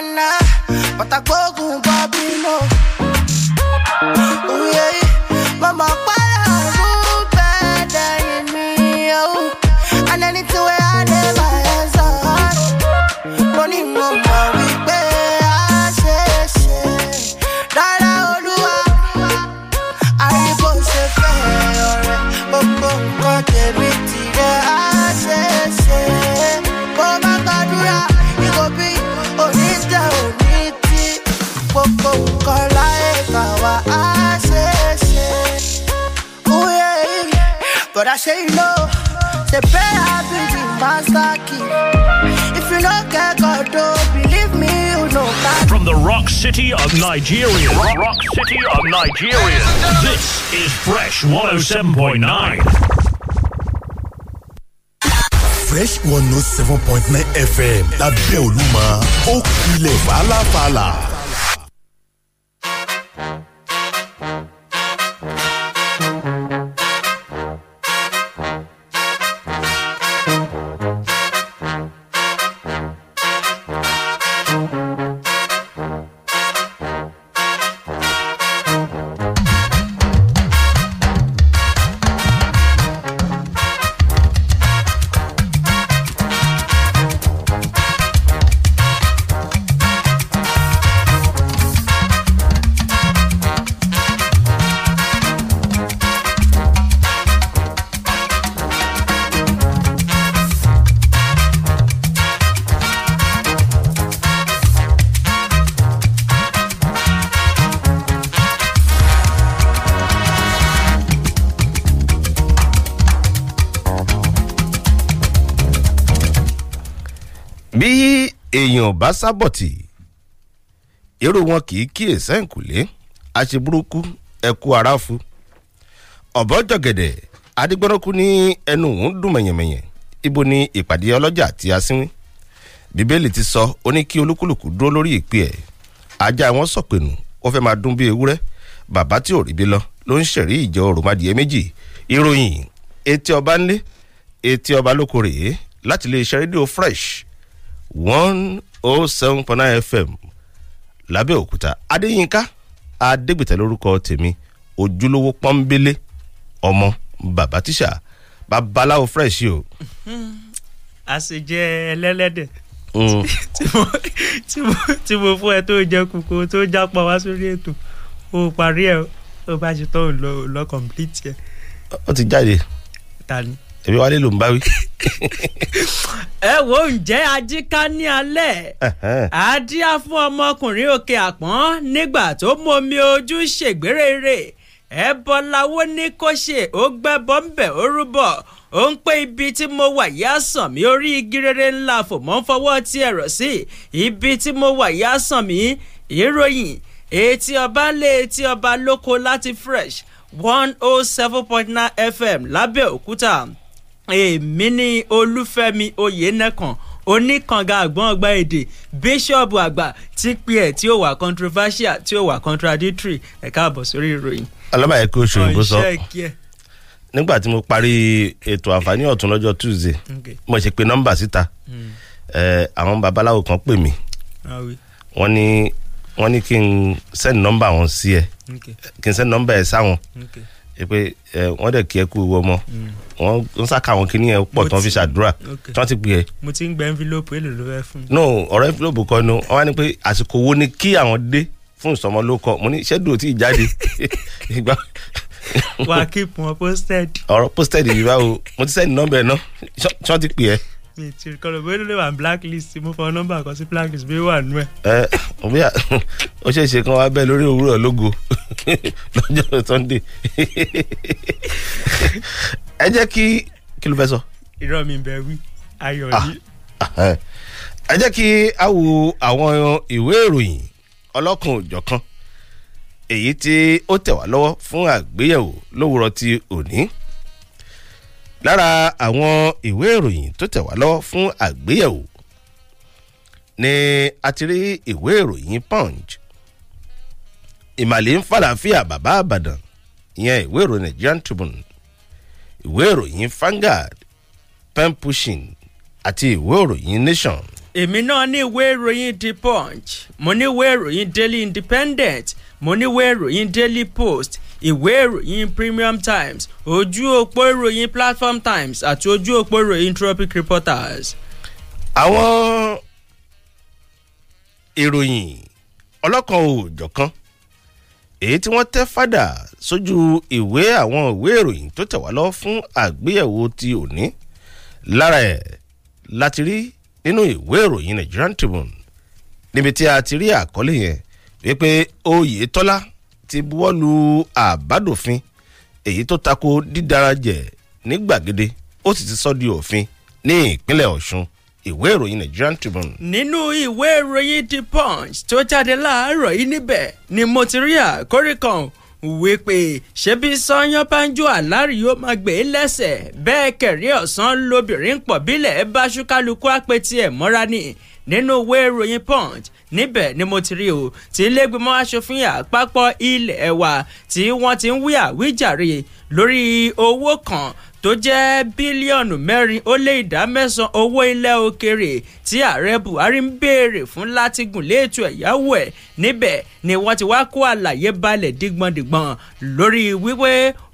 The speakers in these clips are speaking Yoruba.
na na, but I go They pray master key. If you not get God, don't believe me, you know From the rock city of Nigeria, rock, rock city of Nigeria, this is Fresh 107.9. Fresh 107.9 FM, lábẹ́ Olúmọ, ó kulẹ̀ fàlàfàlà. bí èèyàn bá sábọ̀tì irú wọn kì í kíyè sẹ́ǹkùlé àṣeburúkú ẹ̀kú aráfu ọ̀bọ̀jọ̀gẹ̀dẹ̀ adigbọ́nọ́kú ní ẹnu òun dùn mẹ̀yẹ̀mẹ̀yẹ̀ ibo ni ìpàdé ọlọ́jà àti asínwín bíbélì ti sọ ó ní kí olúkúlùkù dúró lórí ìpè ẹ̀ ajá wọn sọ̀pẹ̀nù wọ́n fẹ́ máa dún bí ewúrẹ́ bàbá tí ò rí bí lọ ló ń ṣẹ̀rí ìjọ òròmọdìẹ méjì ìròyìn etí ọba ńlé etí ọba lóko rèé láti iléeṣẹ́ rédíò fresh one oh seven point nine fm lábẹ́òkúta adéyínká adégbìtẹ́ lórúkọ tèmi ojúlówó pọ́nbélé ọmọ bàbá tíṣà babaláwo fresh o. àṣejẹ ẹlẹ́lẹ́dẹ̀ mm. tí mo fún ẹ tó jẹ kókó tó jápọ̀ wá sórí ètò o parí ẹ o bá ṣe tán ò lọ complete ẹ. ó ti jáde. ta ni èmi wálé ló ń bá ẹ wo ǹjẹ́ ajíká ní alẹ́ àdíá fún ọmọkùnrin òkè àpọ́n nígbà tó mú omi ojú ṣègbére ẹ bọ́ lawó ní kó ṣe ó gbẹ́bọ́ ń ó rúbọ̀ ó ń pé ibi tí mo wà yá sàn mí orí igi rere ńlá fòmọ́ ń fọwọ́ ti ẹ̀rọ sí ibi tí mo wà yá sàn mí ìròyìn etí ọba lé etí ọba lóko láti fresh one oh seven point nine fm lábẹ́òkúta èmi ní olúfẹ́mi oyènẹ́kan oníkanga àgbọ̀n ọgbà èdè bíṣọ̀bù àgbà tí pé ẹ̀ tí ó wà controversial tí ó wà contradictory ẹ̀ káàbọ̀ sórí ìròyìn. alábàáyé kí oṣù òyìnbó sọ nígbà tí mo parí ètò àǹfààní ọ̀tún lọ́jọ́ tuesday mo ṣe pé nọ́mbà síta hmm. àwọn babaláwo kan pè mí ah, wọ́n ní wọ́n ní kí n send nọ́mbà wọn sí ẹ kí n send nọ́mbà ẹ sáwọn. Okay pé ẹ wọ́n dẹ̀ kí ẹ kú ọmọ mm. wọ́n ń sàkà àwọn kinní yẹn tí wọ́n fi ṣàdúrà tí wọ́n ti pè mo ti ń gba envelope èlò ló fẹ́ fún mi. no ọ̀rọ̀ envelope kan nu wọ́n wá ní pé àsìkò wo ni kí àwọn dé fún ìsọmọ ló kọ mo ní ṣẹ́dù ò tí wà á keep wọn posted. ọ̀rọ̀ posted yìí báwo mo ti sẹ́ni nọ́mbẹ̀ náà ṣọ́ ti pè é mi ti kọ́lọ̀ bóyá lè wà blacklist mo fọ nọ́mbà kan sí blacklist bí wà nú ẹ̀. ẹ ọbẹ̀ ó ṣe é ṣe kan wá bẹ́ẹ̀ lórí òwúrọ̀ lógo lọ́jọ́ sunday ẹ jẹ́ kí kí ló fẹ́ sọ. irọ́ mi bẹ wí ayọ̀ ah, yìí. Ah, ẹ jẹ́ kí a wo àwọn ìwé ìròyìn ọlọ́kan òjọ̀kan èyí tí ó tẹ̀ wá lọ́wọ́ fún àgbéyẹ̀wò lówùrọ̀ ti òní lára àwọn ìwé ìròyìn tó tẹ̀ wá lọ́wọ́ fún àgbéyẹ̀wò ni a ti rí ìwé ìròyìn punch ìmàlẹ́ ń fàlàáfíà bàbá àbàdàn ìyẹn ìwé ìròyìn Nigerian Tribune ìwé ìròyìn Vanguard pen pushing àti ìwé ìròyìn Nation. èmi náà ní ìwé ìròyìn The Punch mo ní ìwé ìròyìn Daily Independent mo ní ìwé ìròyìn Daily Post ìwé ìròyìn Premium Times ojú òpó ìròyìn Platform Times àti ojú òpó ìròyìn Tropic Reporters. àwọn ìròyìn ọlọ́kan òòjọ̀kan èyí tí wọ́n tẹ́ fàdà sójú ìwé àwọn ìwé ìròyìn tó tẹ̀ wá lọ fún àgbéyẹ̀wò ti òní lára ẹ̀ láti rí nínú ìwé ìròyìn Nigerian Tribune níbi tí a ti rí àkọlé yẹn wípé Oyètọ́lá ti buwọ́lu àbádòfin èyí tó tako dídarajẹ̀ ní gbàgede ó sì ti sọ di òfin ní ìpínlẹ̀ ọ̀ṣun ìwé ìròyìn Nigerian Tribune. nínú ìwé ìròyìn The Punch tó jáde láàárọ̀ yìí níbẹ̀ ni mo ti rí àkórí kan wípé ṣebí sanyan banjo alárìí ó máa gbé e lẹ́sẹ̀ bẹ́ẹ̀ kẹ̀rí ọ̀sán lobìnrin pọ̀ bílẹ̀ bá ṣúkálukú ẹ̀ mọ́ra ni nínú ìwé ìròyìn punch níbẹ̀ ni mo ti rí o tí ilégbèmọ̀ aṣòfin àpapọ̀ ilẹ̀ wa tí wọ́n ti ń wí àwíjàre lórí owó kan tó jẹ́ bílíọ̀nù mẹ́rin ó lé ìdá mẹ́sàn-án owó ilẹ̀ òkèrè tí ààrẹ buhari ń béèrè fún láti gùn lé ètò ẹ̀yáwó ẹ̀ níbẹ̀ ni wọ́n ti wá kó àlàyé balẹ̀ dígbọ̀ndìgbọ̀n lórí wípé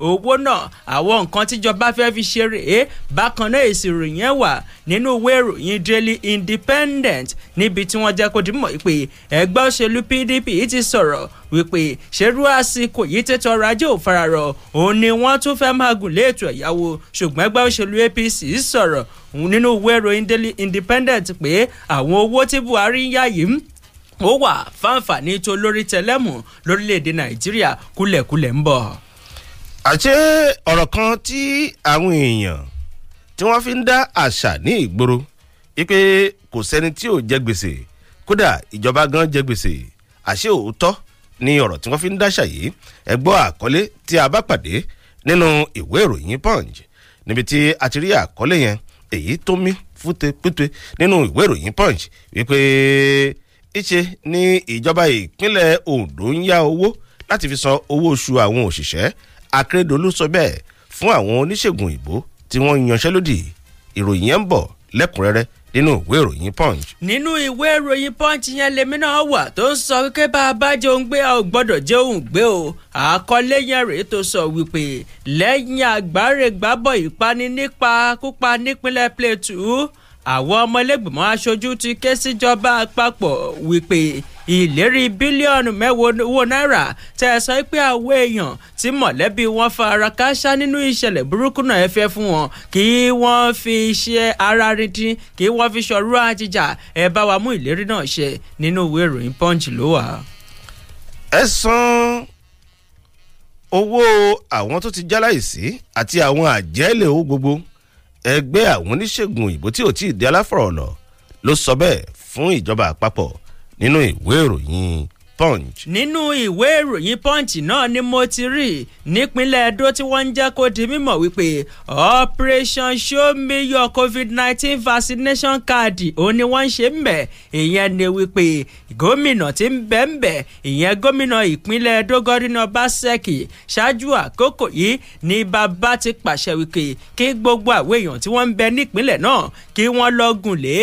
owó náà àwọn nǹkan tíjọba fẹ́ fi ṣe rèé bákan náà èsì ìròyìn ẹ̀ wà nínú ìwé ìròyìn Daily Independent níbi tí wọ́n jẹ́ kó dìmọ̀ pé ẹgbẹ́ òṣèlú PDP ti sọ̀rọ̀ wípé ṣerú àsìkò yìí tètò ọrọ̀ ajé ò fararọ̀ òun ni wọ́n tún fẹ́ máa gùn lé ètò ẹ̀yáwó ṣùgbọ́n ẹgbẹ́ òṣèlú APC sọ̀rọ̀ nínú ìwé ìròyìn Daily Independent pé àwọn owó tí Buhari ń yá yìí ó wà fáǹfààní tó lórí tẹlẹ́mù lórílẹ̀‐èdè nàìjíríà kúlẹ̀kúlẹ̀ ń bọ̀. àṣé ọ̀rọ̀ kan tí àwọn èèyàn tí wọ́n fi ń dá àṣà ní ìgboro wípé kò sẹ́ni tí ò jẹ gbèsè kódà ìjọba gan jẹ gbèsè àṣé òótọ́ ni ọ̀rọ̀ tí wọ́n fi ń dáṣà yìí ẹ gbọ́ àkọlé tí a bá pàdé nínú ìwé ìròyìn punch níbi tí a ti rí àkọlé yẹn èyí tó mí fúte pípe nínú ìwé ìròyìn punch wípé iṣẹ́ ní ìjọba ìpínlẹ̀ Ondo ń yá owó láti fi san owó oṣù àwọn òṣìṣẹ́ Akérédolú sọ bẹ́ẹ̀ fún àwọn oníṣègùn ìbò tí wọ́n yanṣẹ́lódì ìròyìn yẹn ń bọ̀ lẹ́kùnrẹ́rẹ́ nínú ìwé ìròyìn punch. nínú ìwé ìròyìn punch yẹn lèmi náà wà tó ń sọ wípé bá a bá jẹ ohun gbé a ò gbọ́dọ̀ jẹ ohun gbé o àkọlé yẹn rèé tó sọ wípé lẹ́yìn àgbáre gbábọ̀ ìpani nípa kópa nípínlẹ̀ Plateau àwọn ọmọlẹ́gbìmọ̀ aṣojú ti ké síjọba àpapọ̀ wípé ìlérí bílíọ̀nù mẹ́wàá owó náírà tẹ́ ẹ sọ pé àwọn èèyàn tí mọ̀lẹ́bí wọn fara kááṣá nínú ìṣẹ̀lẹ̀ burúkú náà ẹ fẹ́ fún wọn kí wọ́n fi ṣe ara rindin kí wọ́n fi ṣọrú àjíjà ẹ bá wa mú ìlérí náà ṣe nínú ìwé ìròyìn punch ló wà. ẹ san owó àwọn tó ti jáláyèsí àti àwọn àjẹ́lẹ̀ owó gbogbo ẹgbẹ́ àwọn oníṣègùn òyìnbó tí ò tí ì di aláfọ̀rọ̀lọ̀ ló sọ bẹ́ẹ̀ fún ìjọba àpapọ̀ nínú ìwé ìròyìn punch. nínú ìwé ìròyìn punch náà ni mo ti rí nípínlẹ̀ edo tí wọ́n ń jẹ́ kó di mímọ̀ wípé operation show me your covid nineteen vaccination card òun ni wọ́n ń ṣe mbẹ̀ ìyẹn ni wípé gómìnà tí ń bẹ̀ ń bẹ̀ ìyẹn gómìnà ìpínlẹ̀ edo gọ́dínà básẹ́kì ṣáájú àkókò yìí ni bàbá ti pàṣẹ wípé kí gbogbo àwọn èèyàn tí wọ́n ń bẹ nípínlẹ̀ náà kí wọ́n lọ́gùn lé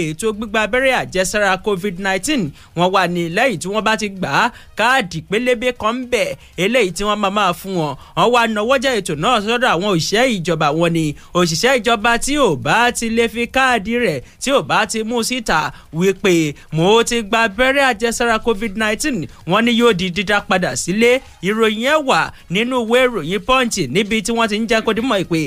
ètò gbígba abẹ́rẹ́ àjẹsára covid nineteen wọ́n wà ní lẹ́yìn tí wọ́n b bá ti gbà á káàdì pélébé kan ń bẹ eléyìí tí wọ́n máa máa fún wọn wọ́n wá náwó jẹ́ ètò náà sọ́dọ̀ àwọn òṣìṣẹ́ ìjọba wọn ni òṣìṣẹ́ ìjọba tí ò bá ti lè fi káàdì rẹ̀ tí ò bá ti mú síta wípé mo ti gba abẹ́rẹ́ àjẹsára covid-19 wọ́n ní yóò di dídá padà sílé ìròyìn ẹ̀ wà nínú ìwé ìròyìn pọ́ǹtì níbi tí wọ́n ti ń jẹ́ kó ìpè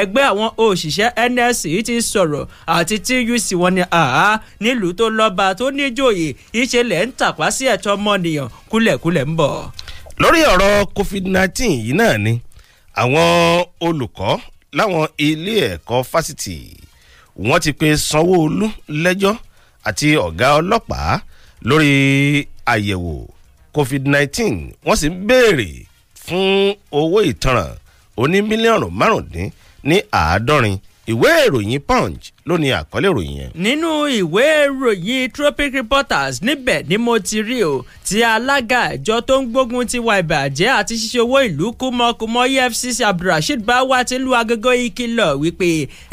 ẹgbẹ́ àwọn òṣìṣẹ́ NLC ti sọ̀rọ̀ àti TUC wọn ni àá nílùú tó lọ́ba tó níjòyè ìṣẹ̀lẹ̀ ń tàpá sí ẹ̀tọ́ sọmọnìyàn kúlẹ̀kúlẹ̀ ń bọ̀. lórí ọ̀rọ̀ covid-19 yìí náà ni àwọn olùkọ́ láwọn ilé ẹ̀kọ́ fásitì wọ́n ti pe sanwó-olu lẹ́jọ́ àti ọ̀gá ọlọ́pàá lórí àyẹ̀wò covid-19 wọ́n sì ń béèrè fún owó ìtanràn oní mílíọ̀nù márùndín ní àádọ́rin ìwé ìròyìn punch lónìí àkọlé ìròyìn yẹn. nínú ìwé ìròyìn tropic reporters níbẹ̀ ni mo ti rí o ti alága ìjọ tó ń gbógun ti ìwà ìbàjẹ́ àti ṣíṣe owó ìlú kúmọkúmọ efcc abdulrasheed báwa ti lu agogo ìkìlọ̀ wípé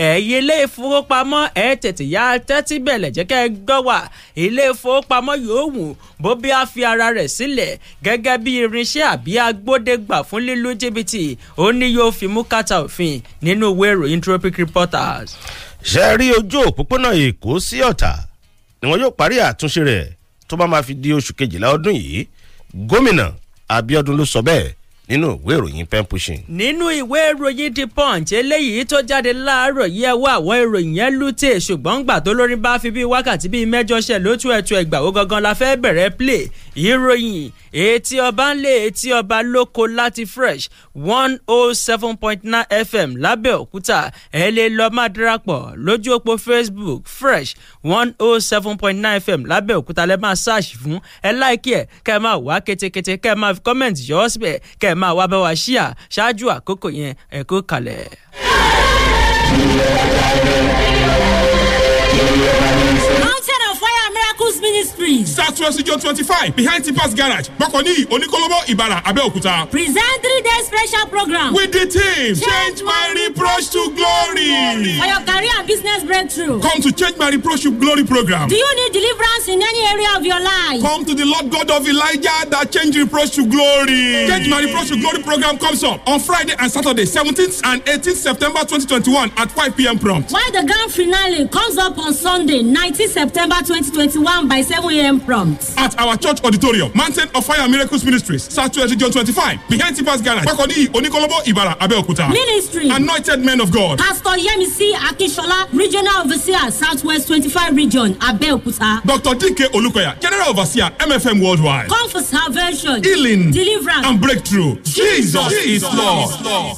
ẹ̀yin ilé ìfowópamọ́ ẹ̀ tètè yá tẹ́tí bẹ̀lẹ̀ jẹ́ kẹ́ ẹ gbọ́ wà ilé ìfowópamọ́ yòówù bó bí a fi ara rẹ̀ sílẹ̀ gẹ́gẹ́ bí irinṣẹ́ àbí agbódegbà fún lílù jìbìtì ó ní yóò fi mú kàtà òfin nínú ìwé ìròyìn tropic reporters ṣe rí ojú òpópónà èkó sí ọ̀tà ni wọn yóò parí àtúnṣe rẹ̀ tó bá máa fi di oṣù kejìlá ọdún yìí gómìnà Abíọ́dún ló sọ bẹ́ẹ̀ nínú ìwé ìròyìn pen pushing. nínú ìwé ìròyìn the punch eléyìí tó jáde láàárọ̀ yìí ẹ wá àwọn ìròyìn yẹn lùtè ṣùgbọ́n gbà tó lórí bá fi bíi wákàtí bíi mẹ́jọ ṣẹ̀ lótú ẹ̀tù ẹgbàwó gangan la fẹ́ bẹ̀rẹ̀ play ìròyìn etí ọba ń lé etí ọba lóko láti fresh one oh seven point nine fm lábẹ́òkúta ẹ lè lọ́ọ́ máa darapọ̀ lójú òpó facebook fresh one oh seven point nine fm lábẹ́òkúta lẹ́ máa ṣáàṣì fún ẹ láìkí ẹ̀ kẹ́ ẹ máa wá ketekete kẹ́ ẹ máa fi kọ́mẹ̀ntì yọ ọ́ síbẹ̀ kẹ́ ẹ máa wá bá wa ṣíà ṣáájú àkókò yẹn ẹ kó kalẹ̀. Out Miracles Ministry. Southwest Region twenty-five behind Tipas Garage, Bakoni, Onikolobo, Ibara, Abeokuta. Present three days special program. With the team, Change, change My Reproach to Glory. For your career and business breakthrough. Come to Change My Reproach to Glory program. Do you need deliverance? in any area of your life. Come to the Lord God of Elijah that change reproach to glory. Change my reproach to glory program comes up on Friday and Saturday, 17th and 18th September 2021 at 5 p.m. prompt. While the grand finale comes up on Sunday, 19th September 2021 by 7 a.m. prompt. At our church auditorium, Mountain of Fire Miracles Ministries, Saturday, Region 25, behind Tipas Garage, Bakoni, Onikolobo, Ibara, Abeokuta. Ministry. Anointed men of God. Pastor Yemisi Akishola, Regional Overseer, Southwest 25 Region, Abeokuta. Dr. Odike Olukoya, General Overseer, MFM Worldwide. Come for salvation, healing, deliverance, and breakthrough. Jesus, Jesus is Lord. Is Lord.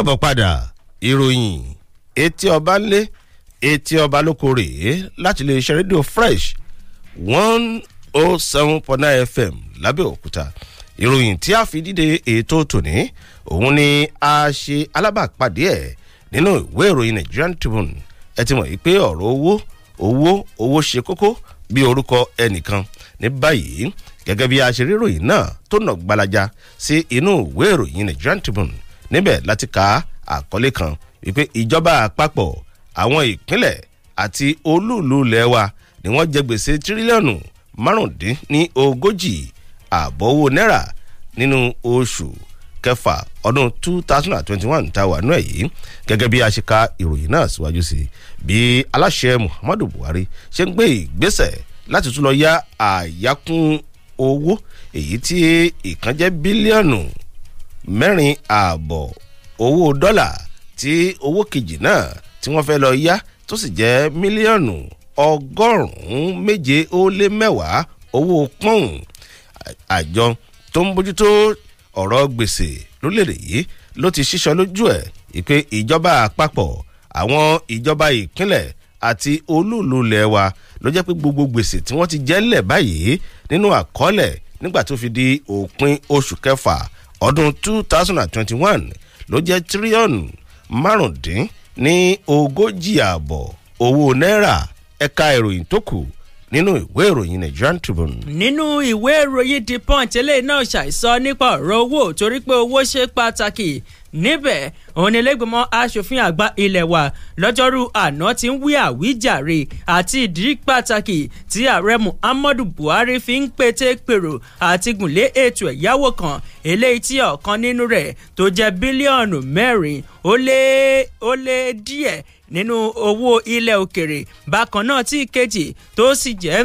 káàbọ̀ padà ìròyìn etí ọba ńlé etí ọba lóko rèé láti lè ṣe rédíò fresh one oh seven point nine fm lábẹ́òkúta ìròyìn tí a fi díde ètò tòní òun ni a ṣe alábàápàdé ẹ̀ nínú ìwé ìròyìn Nigerian Tribune ẹ ti mọ̀ yìí pé ọ̀rọ̀ owó owó owó ṣe kókó bí orúkọ ẹnìkan ní báyìí gẹ́gẹ́ bí aṣeréròyìn náà tó nà gbalaja sí inú ìwé ìròyìn Nigerian Tribune níbẹ̀ láti ka àkọlé kan wípé ìjọba àpapọ̀ àwọn ìpínlẹ̀ àti olúùlú ilẹ̀ wa ni wọ́n jẹ gbèsè tírílíọ̀nù márùndínlógójì ààbọ̀ náírà nínú oṣù kẹfà ọdún 2021 tá a wà nú ẹ̀ yìí gẹ́gẹ́ bí a ṣe ka ìròyìn náà síwájú sí bí aláṣẹ Muhammadu Buhari ṣe ń gbé ìgbésẹ̀ láti tún lọ yá àyákún owó èyí tí ìkànjẹ́ bílíọ̀nù mẹ́rin ààbọ̀ owó dọ́là tí owó kejì náà tí wọ́n fẹ́ lọ yá tó sì jẹ́ mílíọ̀nù ọgọ́rùn-ún méje ó lé mẹ́wàá owó pọ́ùn àjọ tó ń bójútó ọ̀rọ̀ gbèsè lórílẹ̀‐èdè yìí ló ti ṣíṣọ lójú ẹ̀ ìpè ìjọba àpapọ̀ àwọn ìjọba ìpínlẹ̀ àti olúùlú ilẹ̀ wa ló jẹ́ pé gbogbo gbèsè tí wọ́n ti jẹ́ lẹ̀ báyìí nínú àkọọ́lẹ̀ nígbà tó fi di òpin oṣù kẹfà ọdún two thousand and twenty one ló jẹ́ tírílíọ̀nù márùndín ní ogójì ààbọ̀ owó náírà ẹ̀ka ìròyìn tó kù nínú ìwé ìròyìn nigerian tribune. nínú ìwé ìròyìn the punch eléyìí náà ṣàìsọ nípa ọ̀rọ̀ owó torí pé owó ṣe pàtàkì níbẹ̀ òun ni lẹ́gbẹ̀mọ́ aṣòfin àgbà ilẹ̀ wa lọ́jọ́rú àná ti ń wí àwíjàre àti ìdí pàtàkì tí ààrẹ muhammadu buhari fi ń pété pèrò àti gùnlé ètò ẹ̀yáwó kan eléyìí tí ọ̀kan nínú rẹ̀ tó jẹ́ bílíọ̀nù mẹ́rin ó lé ó lé díẹ̀ nínú owó ilẹ̀ òkèrè bákan náà tí ìkejì tó sì jẹ́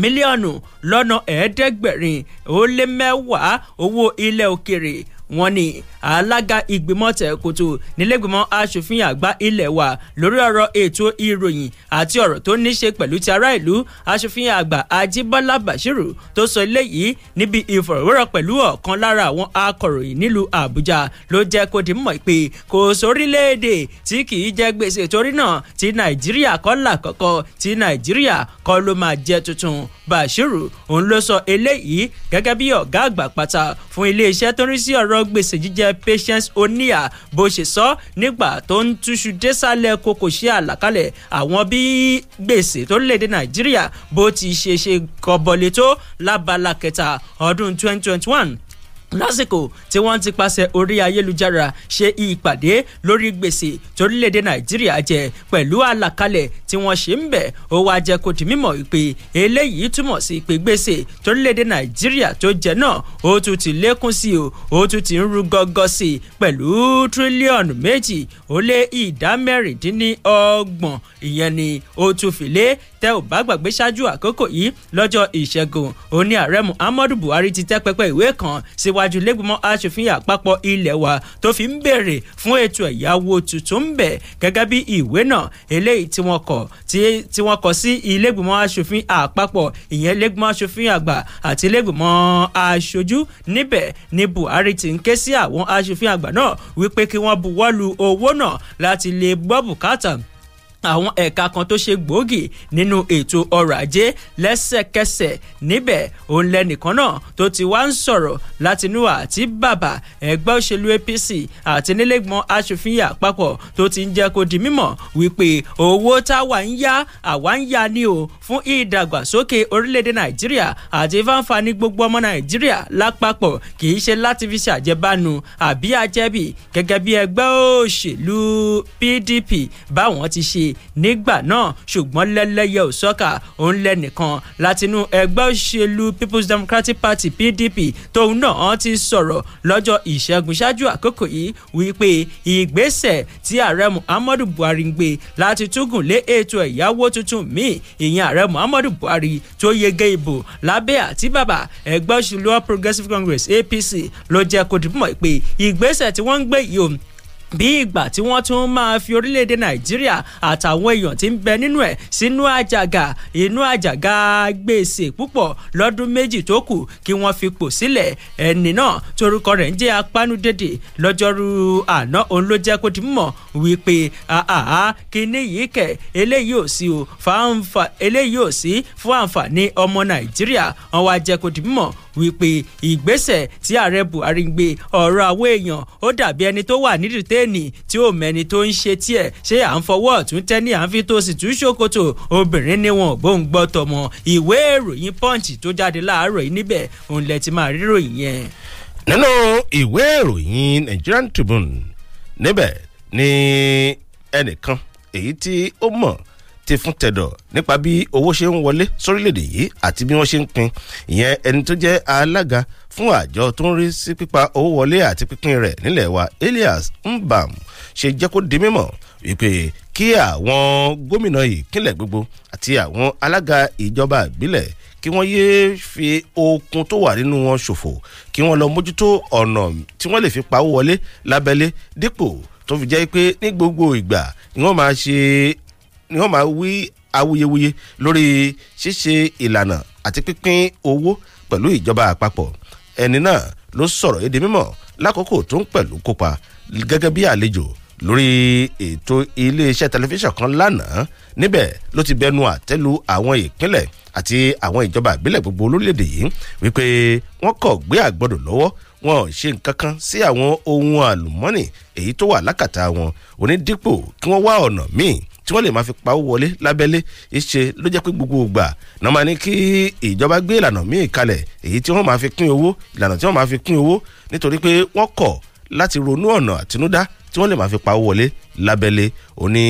mílíọ̀nù lọ́nà ẹ̀ẹ́dẹ́gbẹ̀rin ó lé mẹ́wàá owó ilẹ̀ òkèrè wọ́n ní alága ìgbìmọ̀ tẹ̀kùtù nílẹ̀gbìmọ̀ asòfin àgbà ilẹ̀ wa lórí ọ̀rọ̀ ètò ìròyìn àti ọ̀rọ̀ tó ní ṣe pẹ̀lú ti ará ìlú asòfin àgbà ajíbọ́lá bashiru tó sọ eléyìí níbi ìfọ̀rọ̀wérọ̀ pẹ̀lú ọ̀kan lára àwọn akọ̀ròyìn nílùú àbújá ló jẹ́ kó di mọ̀ pé kò sórílẹ̀-èdè tí kì í jẹ́ gbèsè torí náà ti nàìjíríà kọ́ làkọ́kọ́ ti nàìjíríà kọ́ ló máa jẹ́ tuntun bashiru òun ló sọ eléyìí gẹ́gẹ́ bí ọ̀gá àgbà pátá fún iléeṣẹ́ tó ń rí sí ọ̀rọ̀ ọ̀rọ̀ gbèsè jíjẹ Patience Oníyà bó ṣe sọ nígbà tó ń túṣu désàlẹ̀ kókò ṣe àlàkalẹ̀ àwọn bí gbèsè torílẹ̀-èdè Nàìjíríà bó ti ṣe ṣe kọbọlé tó lábala kẹta ọdún 2021 lásìkò tí wọ́n ti pàṣẹ orí ayélujára ṣe ìpàdé lórí gbèsè torílẹ̀-èdè nàìjíríà jẹ pẹ̀lú àlàkalẹ̀ tí wọ́n ṣe ń bẹ̀ ó wá jẹ́ kó di mímọ̀ pé eléyìí túmọ̀ sí pé gbèsè torílẹ̀-èdè nàìjíríà tó jẹ náà ó tún ti lékún sí o ó tún ti ń ru gọ́gọ́ sí i pẹ̀lú tírílíọ̀nù méjì ó lé ìdá mẹ́rìndínlọ́gbọ̀n ìyẹn ni ó tún fi lé tẹ́ ò bá gbàgbé ṣáájú àkókò yìí lọ́jọ́ ìṣẹ́gun òun ni ààrẹ muhammadu buhari ti tẹ́ pẹpẹ ìwé kan síwájú lẹ́gbìmọ̀ aṣòfin àpapọ̀ ilé wa tó fi ń béèrè fún ètò ẹ̀yáwó tuntun ń bẹ̀ gẹ́gẹ́ bí ìwé náà eléyìí tí wọ́n kọ tí wọ́n kọ sí ilẹ́gbìmọ̀ aṣòfin àpapọ̀ ìyẹn lẹ́gbìmọ̀ aṣòfin àgbà àti lẹ́gbìmọ̀ aṣojú níbẹ̀ ni buhari ti ń ké sí àwọn aṣòfin àgbà náà wípé kí wọ́n buwọ́lu owó náà láti lè gbọ́ bùkátà àwọn ẹ̀ka kan tó ṣe gbòógì nínú ètò ọrọ̀ ajé lẹ́sẹ̀kẹsẹ̀ níbẹ̀ òun lẹ́nìkan náà tó ti wá ń sọ̀rọ̀ látinú àti bàbà ẹgbẹ́ òṣèlú APC àti nílẹ̀gbọ́n aṣòfin àpapọ̀ tó ti ń jẹ́ kó di mímọ̀ wípé owó táwa ń yá àwa ń yá ni o fún ìdàgbàsókè orílẹ̀-èdè Nàìjíríà àti fáńfààní gbogbo ọmọ Nàìjíríà lápapọ̀ kì í ṣe láti fi ṣàjẹbánu àbí àjẹbí gẹ́gẹ́ bí ẹgbẹ́ òṣèlú PDP báwọn ti ṣe nígbà náà ṣùgbọ́n lẹ́lẹ́yẹ òsọ́kà òun lẹ́nìkan látinú ẹgbẹ́ òṣèlú People's Democratic Party PDP tóun náà ti sọ̀rọ̀ lọ́jọ́ ìṣẹ́gun ṣáájú àkókò yìí wípé ìgbésẹ̀ tí ààrẹ Muhammadu Buhari ń gbé láti túgùn lé ètò ẹ̀yáwó tuntun míì ìyẹn ààrẹ Muhammadu Buhari tó yege ìbò lábẹ́ àtíbàbà ẹgbẹ́ òṣèlú All Progressives Congress APC ló jẹ́ kó dìbò mọ̀ pé ìgbésẹ̀ tí wọ́n ń gbé yìí bí ìgbà tí wọ́n tún máa fi orílẹ̀-èdè nàìjíríà àtàwọn èèyàn tí ń bẹ nínú ẹ̀ sínú àjàgà inú àjàgà gbèsè púpọ̀ lọ́dún méjì tó kù kí wọ́n fipò sílẹ̀ ẹni náà torúkọ rẹ̀ ń jẹ́ apánúdèdè lọ́jọ́rú àná òun ló jẹ́ kó di mọ̀ wípé àhà kíní yìí kẹ̀ eléyìí ò sí fún àǹfààní ọmọ nàìjíríà wọ́n wá jẹ́ kó di mọ̀ wípé ìgbésẹ̀ tí ààrẹ Buhari ń gbé ọ̀rọ̀ àwọn èèyàn ó dàbí ẹni tó wà nídìí téènì tí ó mẹ́ni tó ń ṣe tiẹ̀ ṣé à ń fọwọ́ ọ̀tún tẹ́ni à ń fi tòsì tún ṣòkòtò obìnrin ni wọn ò gbọ́ tọmọ ìwé ìròyìn punch tó jáde láàárọ̀ yìí níbẹ̀ òun lẹ ti máa ríròyìn yẹn. nínú ìwé ìròyìn Nigerian Tribune níbẹ̀ ni ẹnìkan èyí tí ó mọ̀ stephen tedor nípa bí owó ṣe ń wọlé sórílẹ̀ yìí àti bí wọ́n ṣe ń pin ìyẹn ẹni tó jẹ́ alága fún àjọ tó ń rí sí pípa owó wọlé àti pínpín rẹ̀ nílẹ̀ wa elias mbam ṣe jẹ́ kó di mímọ̀ wípé kí àwọn gómìnà ìpínlẹ̀ gbogbo àti àwọn alága ìjọba ìbílẹ̀ kí wọ́n yéé fi okun tó wà nínú wọn ṣòfò kí wọ́n lọ mójútó ọ̀nà tí wọ́n lè fi pawó wọlé lábẹ́lé dípò tó fi jẹ́ pé ní gbogbo ìgbà ni wọ́n máa ṣe ni wọ́n máa wí awuyewuye lórí ṣíṣe ìlànà àti pínpín owó pẹ̀lú ìjọba àpapọ̀ ẹni náà ló sọ̀rọ̀ èdè mímọ̀ lákòókò tó ń pẹ̀lú kópa gẹ́gẹ́ bí àlejò lórí ètò iléeṣẹ́ tẹlifíṣàn kan lánàá níbẹ̀ ló ti bẹnu àtẹ́lu àwọn ìpínlẹ̀ àti àwọn ìjọba ìbílẹ̀ gbogbo olórílẹ̀‐èdè yìí wípé wọ́n kọ̀ gbé àgbọ̀dọ̀ lọ́wọ́ wọn ò ṣe nǹkan kan sí àwọn ohun àlùmọ́nì èyí tó wà lákàtà wọn onídípò kí wọ́n wá ọ̀nà míì tí wọ́n lè máa fi pawó wọlé lábẹ́lé ìṣe ló jẹ́ pé gbogbo ògbà náà máa ní kí ìjọba gbé ìlànà míì kalẹ̀ èyí tí wọ́n máa fi pín owó ìlànà tí wọ́n máa fi pín owó nítorí pé wọ́n kọ̀ láti ronú ọ̀nà àtinúdá tí wọ́n lè máa fi pawó wọlé lábẹ́lé òní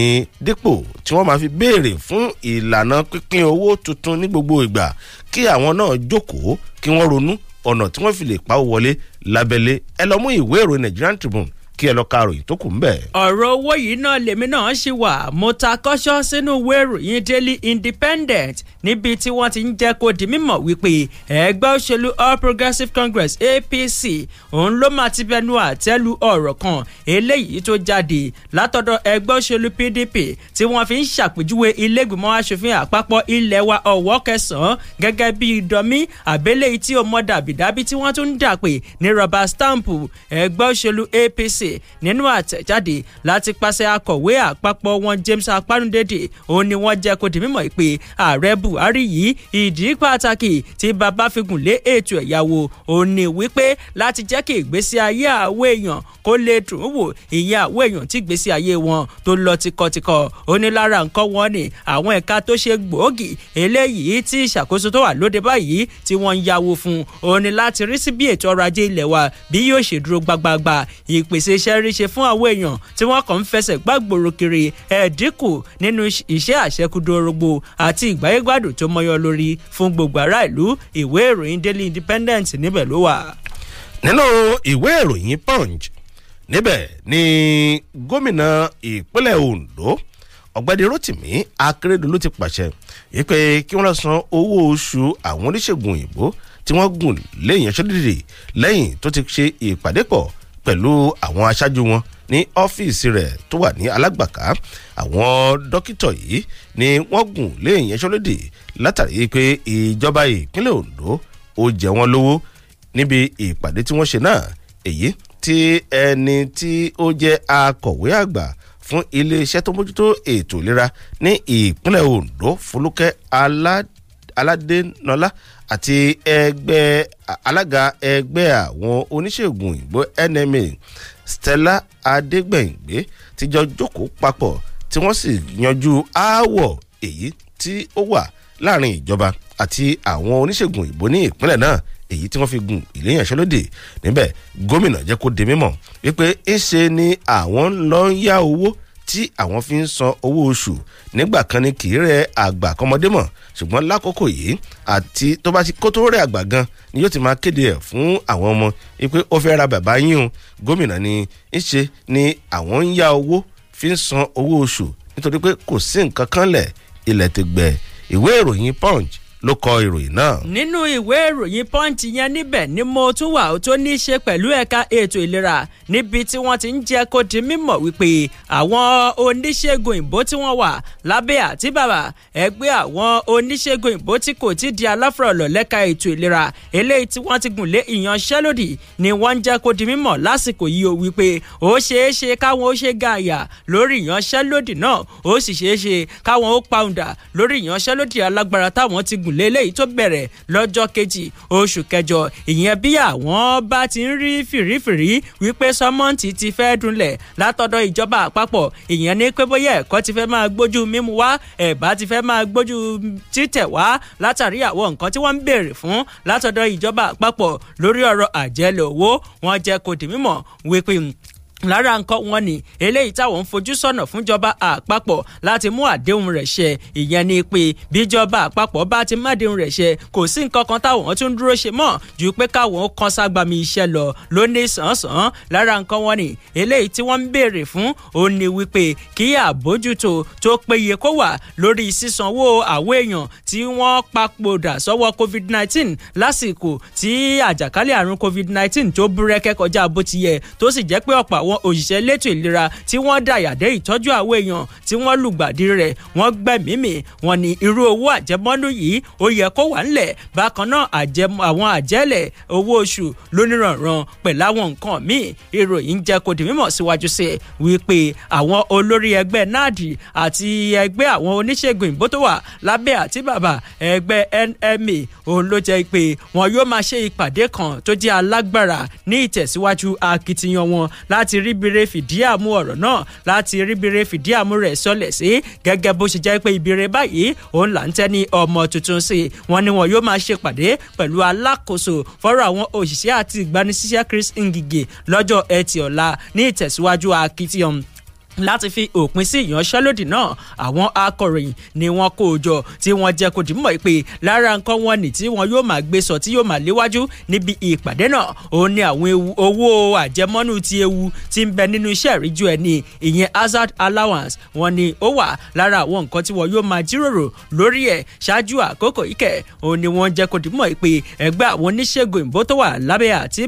dípò tí wọ́n máa fi béèrè fún ìlànà pínpín owó tuntun ní gbogbo ìgbà kí àwọn náà jókòó kí wọ́n ronú ọ̀nà tí wọ́n fi lè pawó wọlé lábẹ́lé ẹ lọ mú ìwé ìròyìn Nigerian Tribune kí ẹ lọ ka ròyìn tó kù ń bẹ̀. ọ̀rọ̀ owó yìí náà lèmi náà ṣì wà mo ta kọ́ṣọ́ sínú ìwé ìròyìn Daily Independent níbi tí wọ́n ti ń jẹ́ kó di mímọ̀ wípé ẹgbẹ́ òṣèlú All Progressives Congress APC òun ló máa ti bẹnu àtẹ́lu ọ̀rọ̀ kan eléyìí tó jáde látọ̀dọ̀ ẹgbẹ́ òṣèlú PDP tí wọ́n fi ń ṣàpèjúwe ilégbìmọ̀ aṣòfin àpapọ̀ ilẹ̀ wa ọ̀wọ́ kẹsàn-án gẹ́gẹ́ bí ìdọ̀mí àbẹ́lẹ̀ tí ó mọ dàbìdàbí tí wọ́n tún ń dà ní rọ́bà stamp ẹgbẹ́ òṣèlú APC jáde nínú àtẹ̀jáde láti pàṣẹ akọ̀wé àpapọ̀ wọn James Apanudede òun ni wọ́n jẹ́ kó di mímọ̀ pé ààrẹ Buhari yìí ìdí pàtàkì tí bàbá fi gùn lé ètò ẹ̀yàwó òun ni wípé láti jẹ́ kí ìgbésí ayé àwọn èèyàn kó lè dùn wò ìyá àwọn èèyàn tí ìgbésí ayé wọn tó lọ tikọtikọ ó ní lára nǹkan wọn ni àwọn ẹ̀ka tó ṣe gbòógì eléyìí tí ìṣàkóso tó wà lóde báyìí tí wọ́n ń yáwó fún òun ni láti rí sí bí ètò ọrọ̀ ajé ilẹ̀ wa bí yóò ṣe dúró gbagbagba ìpèsè iṣẹ́ ríṣe fún àwọn èèyàn tí wọ́n kàn ń fẹsẹ̀ gbàgbòrò kiri ẹ̀ẹ́dínkù nínú iṣẹ́ àṣekúdórógbó àti ìgbáyégbádùn tó mọyọ lórí fún gbogbo ará ìlú ìwé ìròyìn Daily Independent níbẹ̀ ló wà. nínú ìwé ìròyìn Punch níbẹ̀ ni gómìnà ìpínlẹ̀ Ondo ọ̀gbẹ́ni Rotimi Akeredolu ti pàṣẹ wípé kí wọ́n lọ san owó oṣù àwọn oníṣègùn òyìnbó tí wọ́n gùn lẹ́yìn ẹ̀ṣọ́dídì lẹ́yìn tó ti ṣe ìpàdé pọ̀ pẹ̀lú àwọn aṣáájú wọn ní ọ́fíìsì rẹ̀ tó wà ní alágbàká àwọn dókítà yìí ni wọ́n gùn lé ìyanṣẹ́lódì látàrí pé ìjọba ìpínlẹ̀ Ondo ó jẹ wọ́n lówó níbi ìpàdé tí wọ́n ṣe náà èyí tí ẹni tí ó jẹ́ akọ̀wé àgbà fún iléeṣẹ́ tó mójútó ètò ìlera ní ìpínlẹ̀ Ondo Fọlúkẹ́ Aládé aládénọlá àti ẹgbẹ́ alága ẹgbẹ́ àwọn oníṣègùn òyìnbó nma stella adégbèǹgbé ti jọ jókòó papọ̀ tí wọ́n sì yanjú aáwọ̀ èyí tí ó wà láàrin ìjọba àti àwọn oníṣègùn òyìnbó ní ìpínlẹ̀ náà èyí tí wọ́n fi gun ìléyànṣẹ́lódì níbẹ̀ gómìnà jẹ́ kó di mímọ̀ wípé ńṣe ni àwọn ń lọ ń yá owó tí àwọn fi ń san owó oṣù nígbà kan ni kì í rẹ àgbà kọ́mọdé mọ̀ ṣùgbọ́n lákòókò yìí àti tó bá ti kó tó rẹ àgbà gan ni yóò ti máa kéde ẹ̀ fún àwọn ọmọ wípé ó fẹ́ ra bàbá yín o gómìnà ni í ṣe ni àwọn ń yá owó fi ń san owó oṣù nítorí pé kò sí nǹkan kan lẹ̀ ilẹ̀ ti gbẹ ìwé ìròyìn punch ló kọ ìròyìn náà. nínú ìwé ìròyìn punch yẹn níbẹ̀ ni mo tún wà ó tó ní í ṣe pẹ̀lú ẹ̀ka ètò ìlera níbi tí wọ́n ti ń jẹ́ kó di mímọ̀ wípé àwọn oníṣègùn ìbò tí wọ́n wà lábẹ́ àtíbàbà ẹgbẹ́ àwọn oníṣègùn ìbò tí kò ti di aláfọ̀rọ̀lọ̀ lẹ́ka ètò ìlera eléyìí tí wọ́n ti gùn lé ìyanṣẹ́lódì ni wọ́n ń jẹ́ kó di mímọ̀ lásìkò yìí o wípé ó ṣeé ṣe káwọn ó ṣe gààyà lórí ìyanṣẹ́lódì náà ó sì ṣeé ṣe káwọn ó pàùndà lórí ìyanṣẹ́lódì alágbára táwọn ti gùn atẹ́gùn lélẹ́yìí tó bẹ̀rẹ̀ lọ́jọ́ kejì oṣù kẹjọ ìyẹn bí àwọn bá ti ń rí fìrífìrí wípé sọmọ́ǹtì ti fẹ́ dunlẹ̀ látọ̀dọ̀ ìjọba àpapọ̀ ìyẹn ní pé bóyá ẹ̀kọ́ ti fẹ́ máa gbójú mímu wá ẹ̀bá ti fẹ́ máa gbójú títẹ̀ wá látàrí àwọn nǹkan tí wọ́n ń béèrè fún látọ̀dọ̀ ìjọba àpapọ̀ lórí ọ̀rọ̀ àjẹlẹ̀ lára nǹkan wọn ni eléyìí táwọn ń fojú sọ́nà fúnjọba àpapọ̀ láti mú àdéhùn rẹ̀ ṣẹ ìyẹn ni pé bíjọba àpapọ̀ bá ti mádéhùn rẹ̀ ṣẹ kò sí nǹkan kan táwọn tún dúró ṣe mọ́ ju pé káwọn kan ságbami iṣẹ́ lọ lóní sàn-án lára nǹkan wọn ni eléyìí tí wọ́n ń béèrè fún òun ni wípé kí àbójútó tó péye kó wà lórí sísanwó àwọn èèyàn tí wọ́n papòdà sọ́wọ́ covid-19 lásìkò tí àjàkálẹ̀ àrùn covid-19 tó búrẹ́kẹ́ kọjá bó ti yẹ tó sì jẹ́ pé ọ̀pọ̀ àw àwọn òṣìṣẹ́ elétò ìlera tí wọ́n dàyàdé ìtọ́jú àwọn èèyàn tí wọ́n lùgbàdì rẹ̀ wọ́n gbẹ̀mímì wọ́n ní irú owó àjẹmọ́nú yìí ó yẹ kó wà ńlẹ̀ bákan náà àwọn àjẹ́lẹ̀ owó oṣù lóníranran pẹ̀lú àwọn nǹkan míì ìròyìn jẹ́ kó di mímọ̀ síwájú sí i wípé àwọn olórí ẹgbẹ́ nadi àti ẹgbẹ́ àwọn oníṣègùn ìbò tó wà lábẹ́ àti bàbá ẹgbẹ́ nma òun ló jẹ́ pé wọn yóò máa ṣe ìpàdé kan tó jẹ́ alágbára ní ìtẹ̀síwájú akitiyan wọn láti ríbire fìdí àmú ọ̀rọ̀ náà láti ríbire fìdí àmú rẹ̀ sọlẹ̀ sí gẹ́gẹ́ bó ṣe jẹ́ pé ibire báyìí òun là ń tẹ́ ní ọmọ tuntun sí i wọ́n ní wọn yóò máa ṣe pàdé pẹ̀lú alákòóso fọ́rọ̀ àwọn òṣìṣẹ́ àti ìgbanisíṣẹ́ Chris Ngige lọ́jọ́ ẹtì ọ̀la ní ìtẹ̀síwájú akitiyan láti fi òpin sí ìyanṣẹ́lódì náà àwọn akọ̀ròyìn ni wọ́n kó o jọ tí wọ́n jẹ́ kó dìímọ̀ pé lára nǹkan wọn nì tí wọn yóò máa gbé sọ tí yóò máa léwájú níbi ìpàdé náà òun ni àwọn owó àjẹmọ́nú ti ewu ti ń bẹ nínú iṣẹ́ ìríjú ẹni ìyẹn hazard allowance wọn ni ó wà lára àwọn nǹkan tí wọn yóò máa jíròrò lórí ẹ̀ ṣáájú àkókò ìkẹ́ òun ni wọ́n jẹ́ kó dìímọ̀ pé ẹgbẹ́ àwọn oníṣègùn ìbò tó wà lábẹ́ àti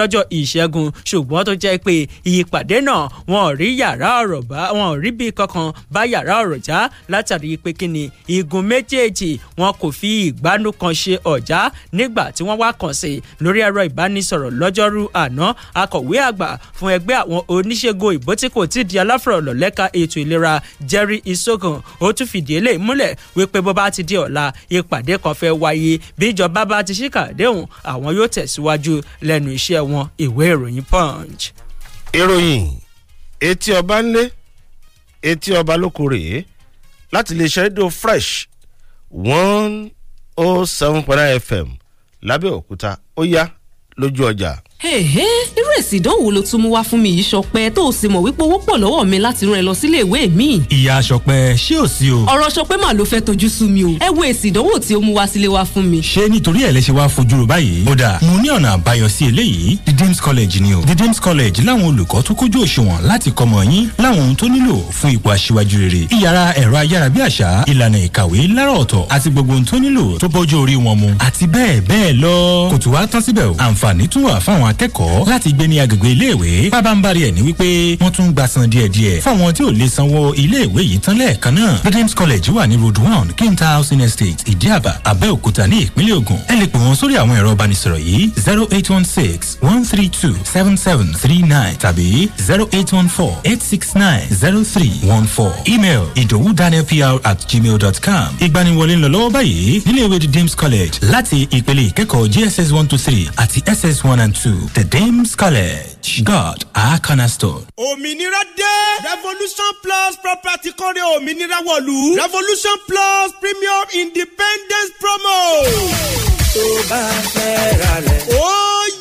lọ́jọ́ ìṣẹ́gun ṣùgbọ́n tó jẹ́ pé ìpàdé náà wọn ò rí yàrá ọ̀rọ̀ bá wọn ò rí bí kankan bá yàrá ọ̀rọ̀ já látàrí pé kí ni igun méjèèjì wọn kò fi ìgbánú kan ṣe ọ̀já nígbà tí wọ́n wá kàn sí lórí ẹ̀rọ ìbánisọ̀rọ̀ lọ́jọ́rú àná akọ̀wé àgbà fún ẹgbẹ́ àwọn oníṣègùn ìbò tí kò ti di aláfọ̀rọ̀lọ̀ lẹ́ka ètò ìlera Jerry Isogan ó tún fìdí eléyìí múlẹ̀ wípé bó bá ti di ọ̀la ìpàdé kan fẹ́ wáyé bí ìjọba bá ti ṣíkàdéhùn àwọn yóò tẹ̀síwájú lẹ́nu iṣẹ́ iléeṣẹ́ wọn ìwé ìròyìn punch. ìròyìn etí ọba ńlé etí ọba lóko rèé láti iléeṣẹ́ rédíò fresh one oh seven point nine fm lábẹ́òkúta ó yá lójú ọjà. Èhé irú èsì ìdánwò ló tún mú wá fún mi yìí Ṣọpẹ́ tó o sì mọ̀ wípé owó pọ̀ lọ́wọ́ mi láti rán ẹ lọ sílé ìwé mi. Ìyá Ṣọpẹ́ ṣé ò sí o. Ọ̀rọ̀ Ṣọpẹ́ mà ló fẹ́ tojú sú mi o. Ẹ wo èsì ìdánwò tí ó mú wá sílé wa fún mi. Ṣé nítorí ẹ̀ lẹ́sẹ̀ wá fojú rò báyìí? Ó dáa mo ní ọ̀nà àbáyọ sí eléyìí The Dames College ni o. The Dames College láwọn olùkọ́ tó kójú òṣùwọ̀n láti kọ́mọ yín láwọn ohun tó nílò fún ipò aṣíwájú rere. Ìyàrá ẹ̀rọ ayárabíàṣá ìlànà ìkàwé lára ọ̀tọ̀ àti gbogbo ohun tó nílò tó bọ́jú orí wọn mu àti bẹ́ẹ̀ bẹ́ẹ̀ lọ. Kò tún wá tán síbẹ̀ o. Àǹfààní tún wà fáwọn fáwọn akẹ́kọ̀ọ́ láti gbé ní agbègbè iléèwé pábánbárì ẹ̀ wípé wọ́n tún gba san díẹ̀díẹ̀ fáwọn tí ò lè sanwó iléèwé yìí tán lẹ́ẹ̀kan náà Redeems College wà ní road one Kinta Housing Estate Ìdíàbà Abẹ́òkúta ní ìpínlẹ̀ Ògùn ẹ lè pè wọ́n sórí àwọn ẹ̀rọ ìbánisọ̀rọ̀ yìí zero eight one six one three two seven seven three nine tàbí zero eight one four eight six nine zero three one four email idowudanielpr at gmail dot com ìgbaniwọlé ń lọ lọ́wọ́ báyìí nílé ìwé Redeems College láti ìpele ìkẹ́kọ̀ọ́ JSS one to three àti SS one and two The Dames College, God, a cornerstone. Òmìnira dé. Revolution Plus property kọ́rẹ́ òmìnira wọ̀lú. Revolution Plus premium independence promo. Tó bá fẹ́ ra rẹ̀. Ó yẹ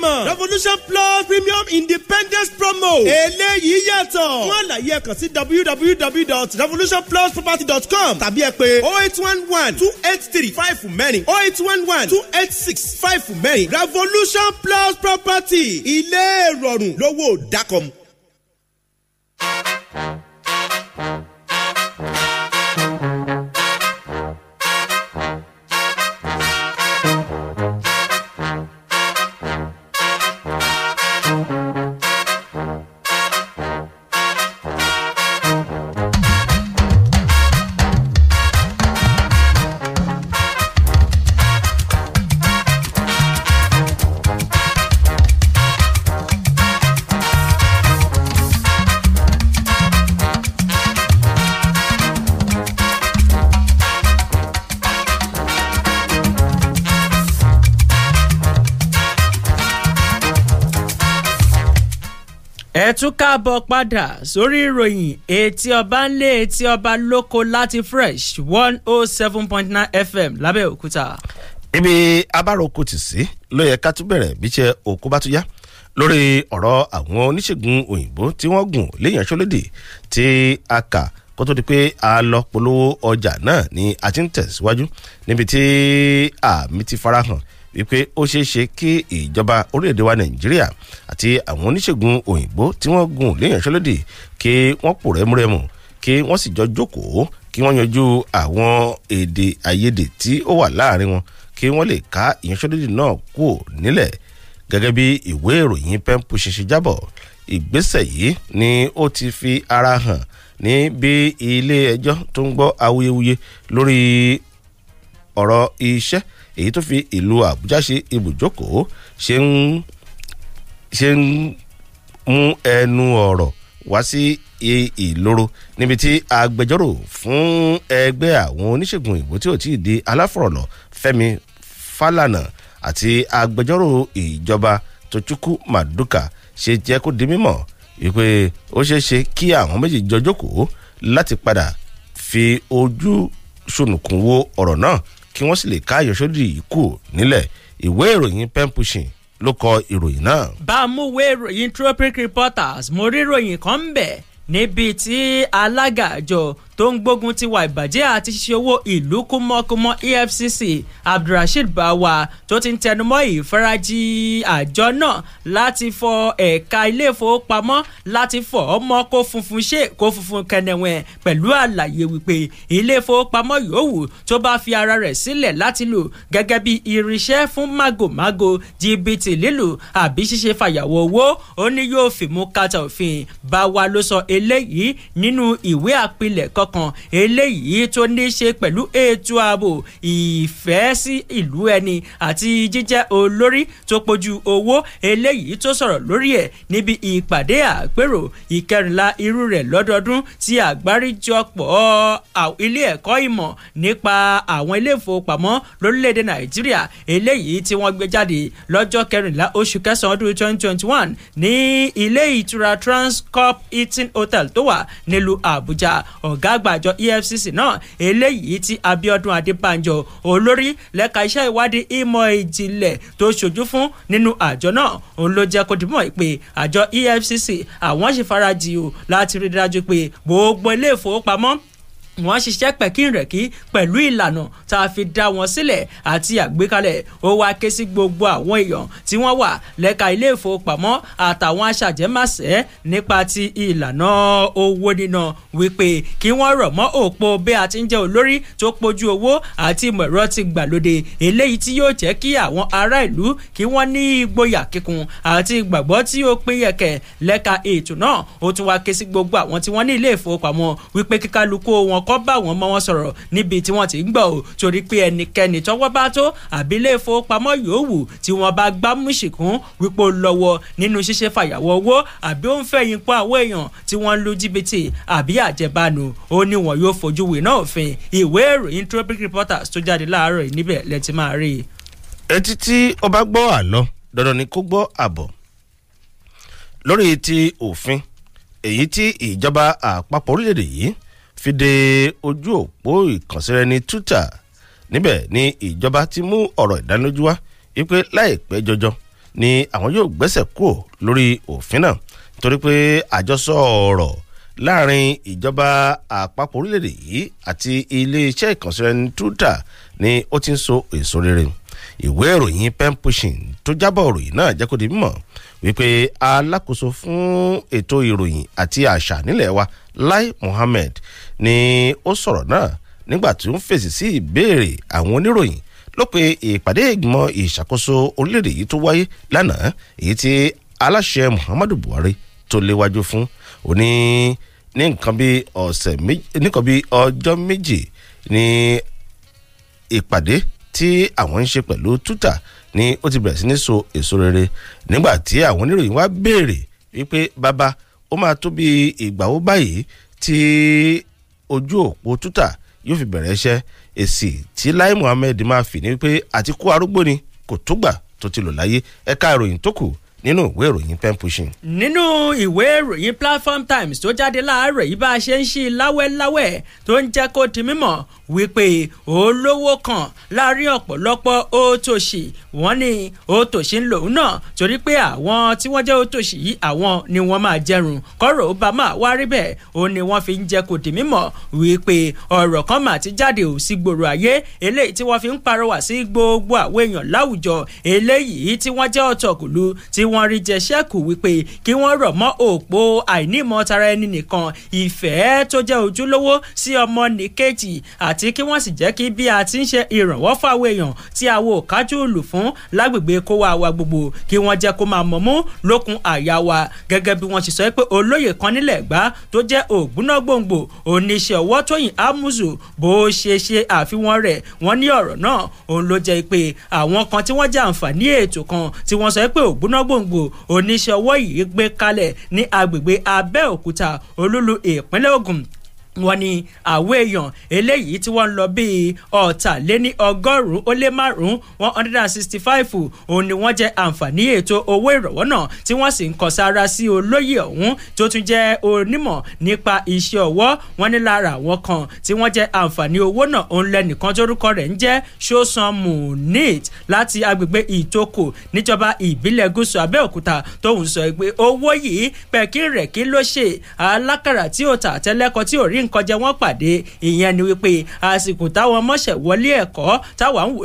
ìgbìmọ̀. revolution plus premium independence promo. eléyìí yàtọ̀. fún àlàyé ẹ kàn sí www.revolutionplusproperty.com tàbí ẹ pè oh eight one one two eight three five fún mẹ́rin oh eight one one two eight six five fún mẹ́rin revolution plus property ilé ìrọ̀rùn lówó dákọ̀mù. tún káàbọ̀ padà sórí ìròyìn etí ọba ńlé etí ọba lóko láti fresh one oh seven point nine fm lábẹ́òkúta. ibi abáròkó ti sí ló yẹ ká tún bẹ̀rẹ̀ bí iṣẹ́ òkú bá tún yá lórí ọ̀rọ̀ àwọn oníṣègùn òyìnbó tí wọ́n gùn léèyàn tí a kà kó tó di pé a lọ polówó ọjà náà ni a ti ń tẹ̀síwájú níbi tí àmì ti farahàn wípé ó ṣeé ṣe kí ìjọba orílẹ̀-èdè wa nàìjíríà àti àwọn oníṣègùn òyìnbó tí wọ́n gùn léyànṣẹ́lódì kí wọ́n pò rẹ́múrẹ́mù kí wọ́n sì jọ jókòó kí wọ́n yanjú àwọn èdè àìyedè tí ó wà láàrin wọn kí wọ́n lè ká ìyanṣẹ́lódì náà kú nílẹ̀ gẹ́gẹ́ bí ìwé ìròyìn pempu ṣe ṣe jábọ̀ ìgbésẹ̀ yìí ni ó ti fi ara hàn ní bí ilé ẹjọ́ tó ń gbọ́ awuyewuye lórí ọ̀rọ̀ iṣẹ́ èyí tó fi ìlú àbújá ṣe ibùjókòó ṣe ń ṣe ń mú ẹnu ọ̀rọ̀ wá sí ìloro níbi tí agbẹjọ́rò fún ẹgbẹ́ àwọn oníṣègùn ìbò tí ò tí ì di aláfọ̀rọ̀lọ̀ fẹ́mi falana àti agbẹjọ́rò ìjọba tochukwu maduka ṣe jẹ́ kó di mímọ̀ wípé ó ṣeé ṣe kí àwọn méjì jọ láti padà fi ojú sunùkùn wo ọ̀rọ̀ náà kí wọ́n sì lè ká àyọ̀sódì yìí nílẹ̀ ìwé ìròyìn pen ló kọ ìròyìn náà. bá a mú ìwé ìròyìn tropic reporters mo rí ìròyìn kan ń bẹ̀ níbi tí alága àjọ tó ń gbógun ti wà ìbàjẹ́ àti ṣíṣe owó ìlú kúmọ́kúmọ́ EFCC Abdulrasheed Bawa tó ti ń tẹnumọ́ ìfarajì àjọ náà láti fọ ẹ̀ka ilé ìfowópamọ́ láti fọ ọmọ kó funfun ṣe kó funfun kẹnẹwẹ̀n pẹ̀lú àlàyé wípé ilé ìfowópamọ́ yòówù tó bá fi ara rẹ̀ sílẹ̀ láti lò gẹ́gẹ́ bí irinṣẹ́ fún màgòmágò jìbìtì lílù àbí ṣíṣe fàyàwọ́ owó ó ní yóò fìmú kàtà òfin Bawa ló sọ eléyìí nínú ìwé àpilẹ̀kọ ọkàn eléyìí tó ní í ṣe pẹ̀lú ètò ààbò ìfẹ́ sí ìlú ẹni àti jíjẹ́ olórí tó pojú owó eléyìí tó sọ̀rọ̀ lórí ẹ̀ níbi ìpàdé àpérò ìkẹrìnlá irú rẹ̀ lọ́dọọdún tí àgbáríjọpọ̀ ilé ẹ̀kọ́ ìmọ̀ nípa àwọn ilé ìfowópamọ́ lórílẹ̀‐èdè nàìjíríà eléyìí tí wọ́n gbé jáde lọ́jọ́ kẹrìnlá oṣù kẹsàn-án ọdún twenty twenty one ní ilé ìtura transcorp hilton hotel tó wà nílùú àbújá ọ̀gá àgbà àjọ EFCC náà eléyìí tí Abíọ́dún Adébánjọ olórí lẹ́ka iṣẹ́ ìwádìí ìmọ̀ ìjìnlẹ̀ tó ṣojú fún nínú àjọ náà òun ló jẹ́ kó dìmọ̀ pé àjọ EFCC àwọn ṣèfarajì o láti rí dájú pé gbogbo ilé ìfowópamọ́ wọ́n á ṣiṣẹ́ pẹ̀kínrẹ̀kí pẹ̀lú ìlànà tá a fi dá wọn sílẹ̀ àti àgbékalẹ̀ ó wá ké sí gbogbo àwọn èèyàn tí wọ́n wà lẹ́ka ilé ìfowópamọ́ àtàwọn aṣàjẹmàṣẹ́ nípa ti ìlànà owó níná wípé kí wọ́n rọ̀ mọ́ òpó bí a ti ń jẹ́ olórí tó pójú owó àti ìmọ̀ ẹ̀rọ ti gbàlódé eléyìí tí yóò jẹ́ kí àwọn ará ìlú kí wọ́n ní ìgboyà kíkún àti ìgbàgbọ́ tí ó pín yẹ̀kẹ̀ lẹ́ka ètò náà ó tún wá ké sí gbogbo àwọn tí wọ́n ní ilé ìfowópamọ́ wípé kíkálukú wọn k kọ́ bá wọn mọ́ wọn sọ̀rọ̀ níbi tí wọ́n ti ń gbọ́ o torí pé ẹnikẹ́ni tọ́wọ́ bá tó àbí ilé ìfowópamọ́ yòówù tí wọ́n bá gbá wípé ó lọ́wọ́ nínú ṣíṣe fàyàwọ́ owó àbí ó ń fẹ̀yìn pa àwọn èèyàn tí wọ́n lu jìbìtì àbí àjẹbánu ó ní wọn yóò fojú winá òfin ìwé ìròyìn Tropic Reporters tó jáde láàárọ̀ níbẹ̀ lẹ ti máa rí i. etí tí ó gbọ́ Fide de ojú òpó ìkànsíra ní twitter níbẹ̀ ni ìjọba ti mú ọ̀rọ̀ ìdánilójú wá wípé láìpẹ́ jọjọ ni àwọn yóò gbẹ́sẹ̀ kúrò lórí òfin náà torí pé àjọsọ ọ̀rọ̀ láàrin ìjọba àpapọ̀ orílẹ̀-èdè yìí àti iléeṣẹ́ ìkànsíra ní twitter ni ó ti ń so èso rere ìwé ìròyìn pen pushing tó jábọ̀ ròyìn náà jẹ́ kó di mímọ̀ wípé alákòóso fún ètò ìròyìn àti àṣà nílẹ̀ wa Lai Mohammed ni ó sọ̀rọ̀ náà nígbà tí ó ń fèsì sí ìbéèrè àwọn oníròyìn lópin ìpàdé ìgbìmọ̀ ìṣàkóso orílẹ̀-èdè yìí tó wáyé lánàá èyí tí aláṣẹ Muhammadu Buhari tó léwájú fún ó ní nǹkan bí ọjọ́ méjì ní ìpàdé tí àwọn ń ṣe pẹ̀lú Twitter ni ó ti bẹ̀rẹ̀ sí ní so èso rere nígbà tí àwọn oníròyìn wá béèrè wípé bàbá ó máa tó bí ìgbà ó báyìí tí ojú òpó tútà yóò fi bẹ̀rẹ̀ iṣẹ́ èsì tí Lai Muhammed máa fi ni wípé àti kó arúgbó ni kò tó gbà tó ti lò láyé ẹ̀ka ìròyìn tó kù nínú ìwé ìròyìn pen pushing. nínú ìwé ìròyìn platform times tó jáde láàárọ̀ yìí bá a ṣe ń ṣí láwẹ́láwẹ́ tó ń jẹ́ kó di mímọ̀ wípé olówó kan láàrin ọ̀pọ̀lọpọ̀ òtòṣì wọ́n ní òtòṣì ń lòun náà torí pé àwọn tí wọ́n jẹ́ òtòṣì yìí àwọn ni wọ́n máa jẹrun kọ́rọ̀ ó bá máa wá rí bẹ́ẹ̀ ó ní wọ́n fi ń jẹ́ kó di mímọ̀ wípé ọ̀rọ̀ kan mà ti jáde ò sí gbòòrò ayé eléyìí tí wọ́n fi ń parọ́wà sí gbogbo àwọn èèyàn láwùjọ eléyìí tí wọ́n jẹ́ ọ̀tọ̀kùlú tí wọ́n rí jẹ ṣẹ́kù wípé kí wọ́n rọ̀ mọ́ òpó àìnímọ̀ tara ẹni nìkan ìfẹ́ tó jẹ́ ojúlówó sí ọmọ nìkejì àti kí wọ́n sì jẹ́ kí bí a ti ń ṣe ìrànwọ́ fáwọn èèyàn tí àwo kájú lù fún lágbègbè kó wa wa gbogbo kí wọ́n jẹ́ kó máa mọ̀mú lókun àyà wa gẹ́gẹ́ bí wọ́n ti sọ pé olóyè kan nílẹ̀ Ẹ̀gbá tó jẹ́ ògbúná gbòǹgbò oníṣẹ́ ọwọ́ Tóyìn Amuzu bó ṣe ṣe àfihàn rẹ̀ wọ́n ní ọ̀rọ̀ náà òun ló jẹ́ pé àwọn kan tí wọ́n jẹ́ àǹfààní ètò kan tí wọ́n sọ pé ògbúná gbòǹgbò gbòǹgbò oníṣẹ́ ọwọ́ yìí gbé kalẹ̀ ní agbègbè Abẹ́òkúta olúlu ìpínlẹ̀ Ògùn wọ́n ní àwọn èèyàn eléyìí tí wọ́n ń lọ bíi ọ̀tàléní ọgọ́rùn-ún ó lé márùn-ún one hundred and sixty five òun ni wọ́n jẹ àǹfààní ètò owó ìrànwọ́ náà tí wọ́n sì ń kọ sára sí olóyè ọ̀hún tó tún jẹ́ onímọ̀ nípa iṣẹ́ ọwọ́ wọn ní lára àwọn kan tí wọ́n jẹ àǹfààní owó náà òun lẹ́nìkan tórúkọ rẹ̀ ń jẹ́ ṣóṣan munit láti agbègbè ìtòkò níjọba ìbílẹ̀ gúúsù abẹ́òkúta tóun sọ pé owó yìí pẹ̀kí kọjá wọn pàdé ìyẹn ni wípé àsìkò táwọn mọ́ṣẹ̀ wọlé ẹ̀kọ́ táwa ń wò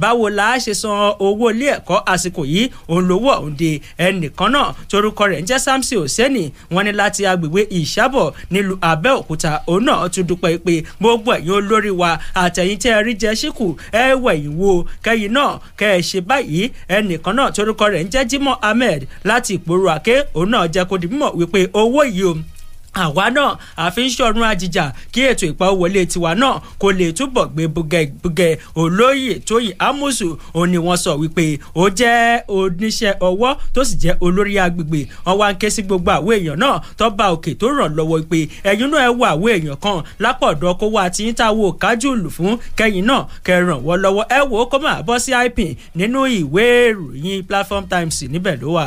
báwo la ṣe san owó ilé ẹ̀kọ́ àsìkò yìí òun ọ̀hún de ẹnìkan náà torúkọ rẹ̀ ń jẹ́ Samson Oseni wọ́n ní láti agbègbè Ìṣàbọ̀ nílùú Abẹ́òkúta òun náà tún dúpẹ́ pé gbogbo ẹ̀yin olórí wa àtẹ̀yìn tẹ́ ẹ rí jẹ síkù ẹ wẹ̀ yìí wo kẹ́yìn náà kẹ́ ẹ ṣe báyìí ẹnìkan náà torúkọ rẹ̀ ń jẹ́ Jimoh Ahmed láti Ìpòrò Àké òun náà jẹ́ kó di mímọ̀ wípé owó yìí o àwa náà àfi ń ṣọ̀run àjìjà kí ètò ìpawówọlé tiwa náà kò lè túbọ̀ gbé bugẹ̀bugẹ̀ olóyè tóyìn amusu òun ni wọ́n sọ wípé ó jẹ́ oníṣẹ́ ọwọ́ tó sì jẹ́ olórí agbègbè wọn wá ń ké sí gbogbo àwọn èèyàn náà tó bá òkè tó ràn lọ́wọ́ pé ẹ̀yin náà ẹ wo àwọn èèyàn kan lápọ̀dọ̀ kó wá tí ń táwo kájùlù fún kẹ́yìn náà kẹ́ wọ́n lọ́wọ́ ẹ wò ó kó máa bọ́ sí ip ìròyìn platform times níbẹ̀ ló wà.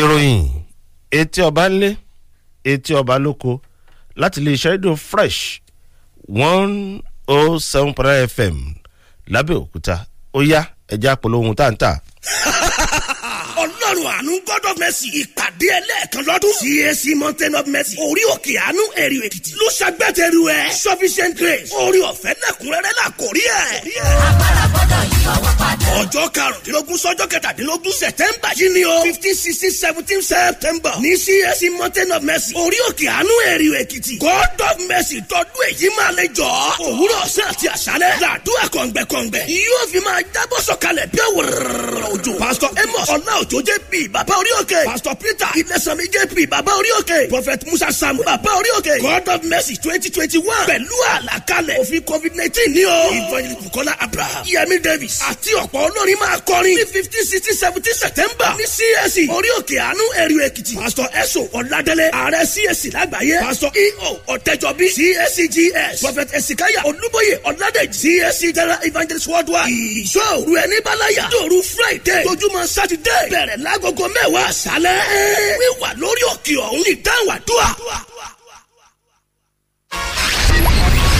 ìròyìn etí ọba ńlẹ́ etí ọba lóko láti iléeṣẹ́ rédíò fresh one oh seven point nine fm lábẹ́òkúta ó yá ẹ̀já polówó ohun tá ọlọ́run àánú god of mercy ìpàdé ẹlẹ́ẹ̀kan lọ́dún cac mountain of mercy orí òkè àánú èrè èkìtì ló ṣàgbẹ́tẹ̀rù ẹ̀ sufficient grace orí ọ̀fẹ́ lẹ́kùnrẹ́rẹ́ là kò rí ẹ̀. agbára gbọ́dọ̀ yí ọwọ́ padà. ọjọ́ karùndínlógún sọ́jọ́ kẹtàdínlógún september yìí ni o fifteen sixteen seventeen september ní cac mountain of mercy orí òkè àánú èrè èkìtì god of mercy tọdún èyí máa lè jọ òwúrọ̀ ọ̀sẹ̀ àti àṣálẹ̀ làdúrà kọ̀ǹgbẹ̀kọ̀ǹgbẹ̀ yóò fi máa jábọ̀ sọ̀kalẹ̀ bí òwúrọ̀ òjò pásítọ̀ amos ọ̀là òjò jẹ́ jp bàbá orí òkè pastor peter ilẹ̀sànmi jp bàbá orí òkè prophet musa samu bàbá orí òkè god of mercy twenty twenty one pẹ̀lú àlàkalẹ̀ òfin covid nineteen ní o evangelist bukola abraham yemi davis àti ọ̀pọ̀ olórin máa kọrin ní fifteen sixteen seventeen september ní csc e. orí òkè àánú ẹ̀rù èkìtì pastor eso ọ̀ladẹ́lẹ̀ ààrẹ csc e lágbàáyé pastor eo ọ̀tẹ́jọbí cscgs e prophet esikaya olúbóyè ọ̀ladẹ́jì csc general evangelist worldwide ìṣọ́ òru ẹni bá láyà dòru friday tójúmọ́ saturday bẹ̀rẹ̀ lágogo mẹ́wàá àṣálẹ́ wíwà lórí òkè ọ̀hún ní àdúrà.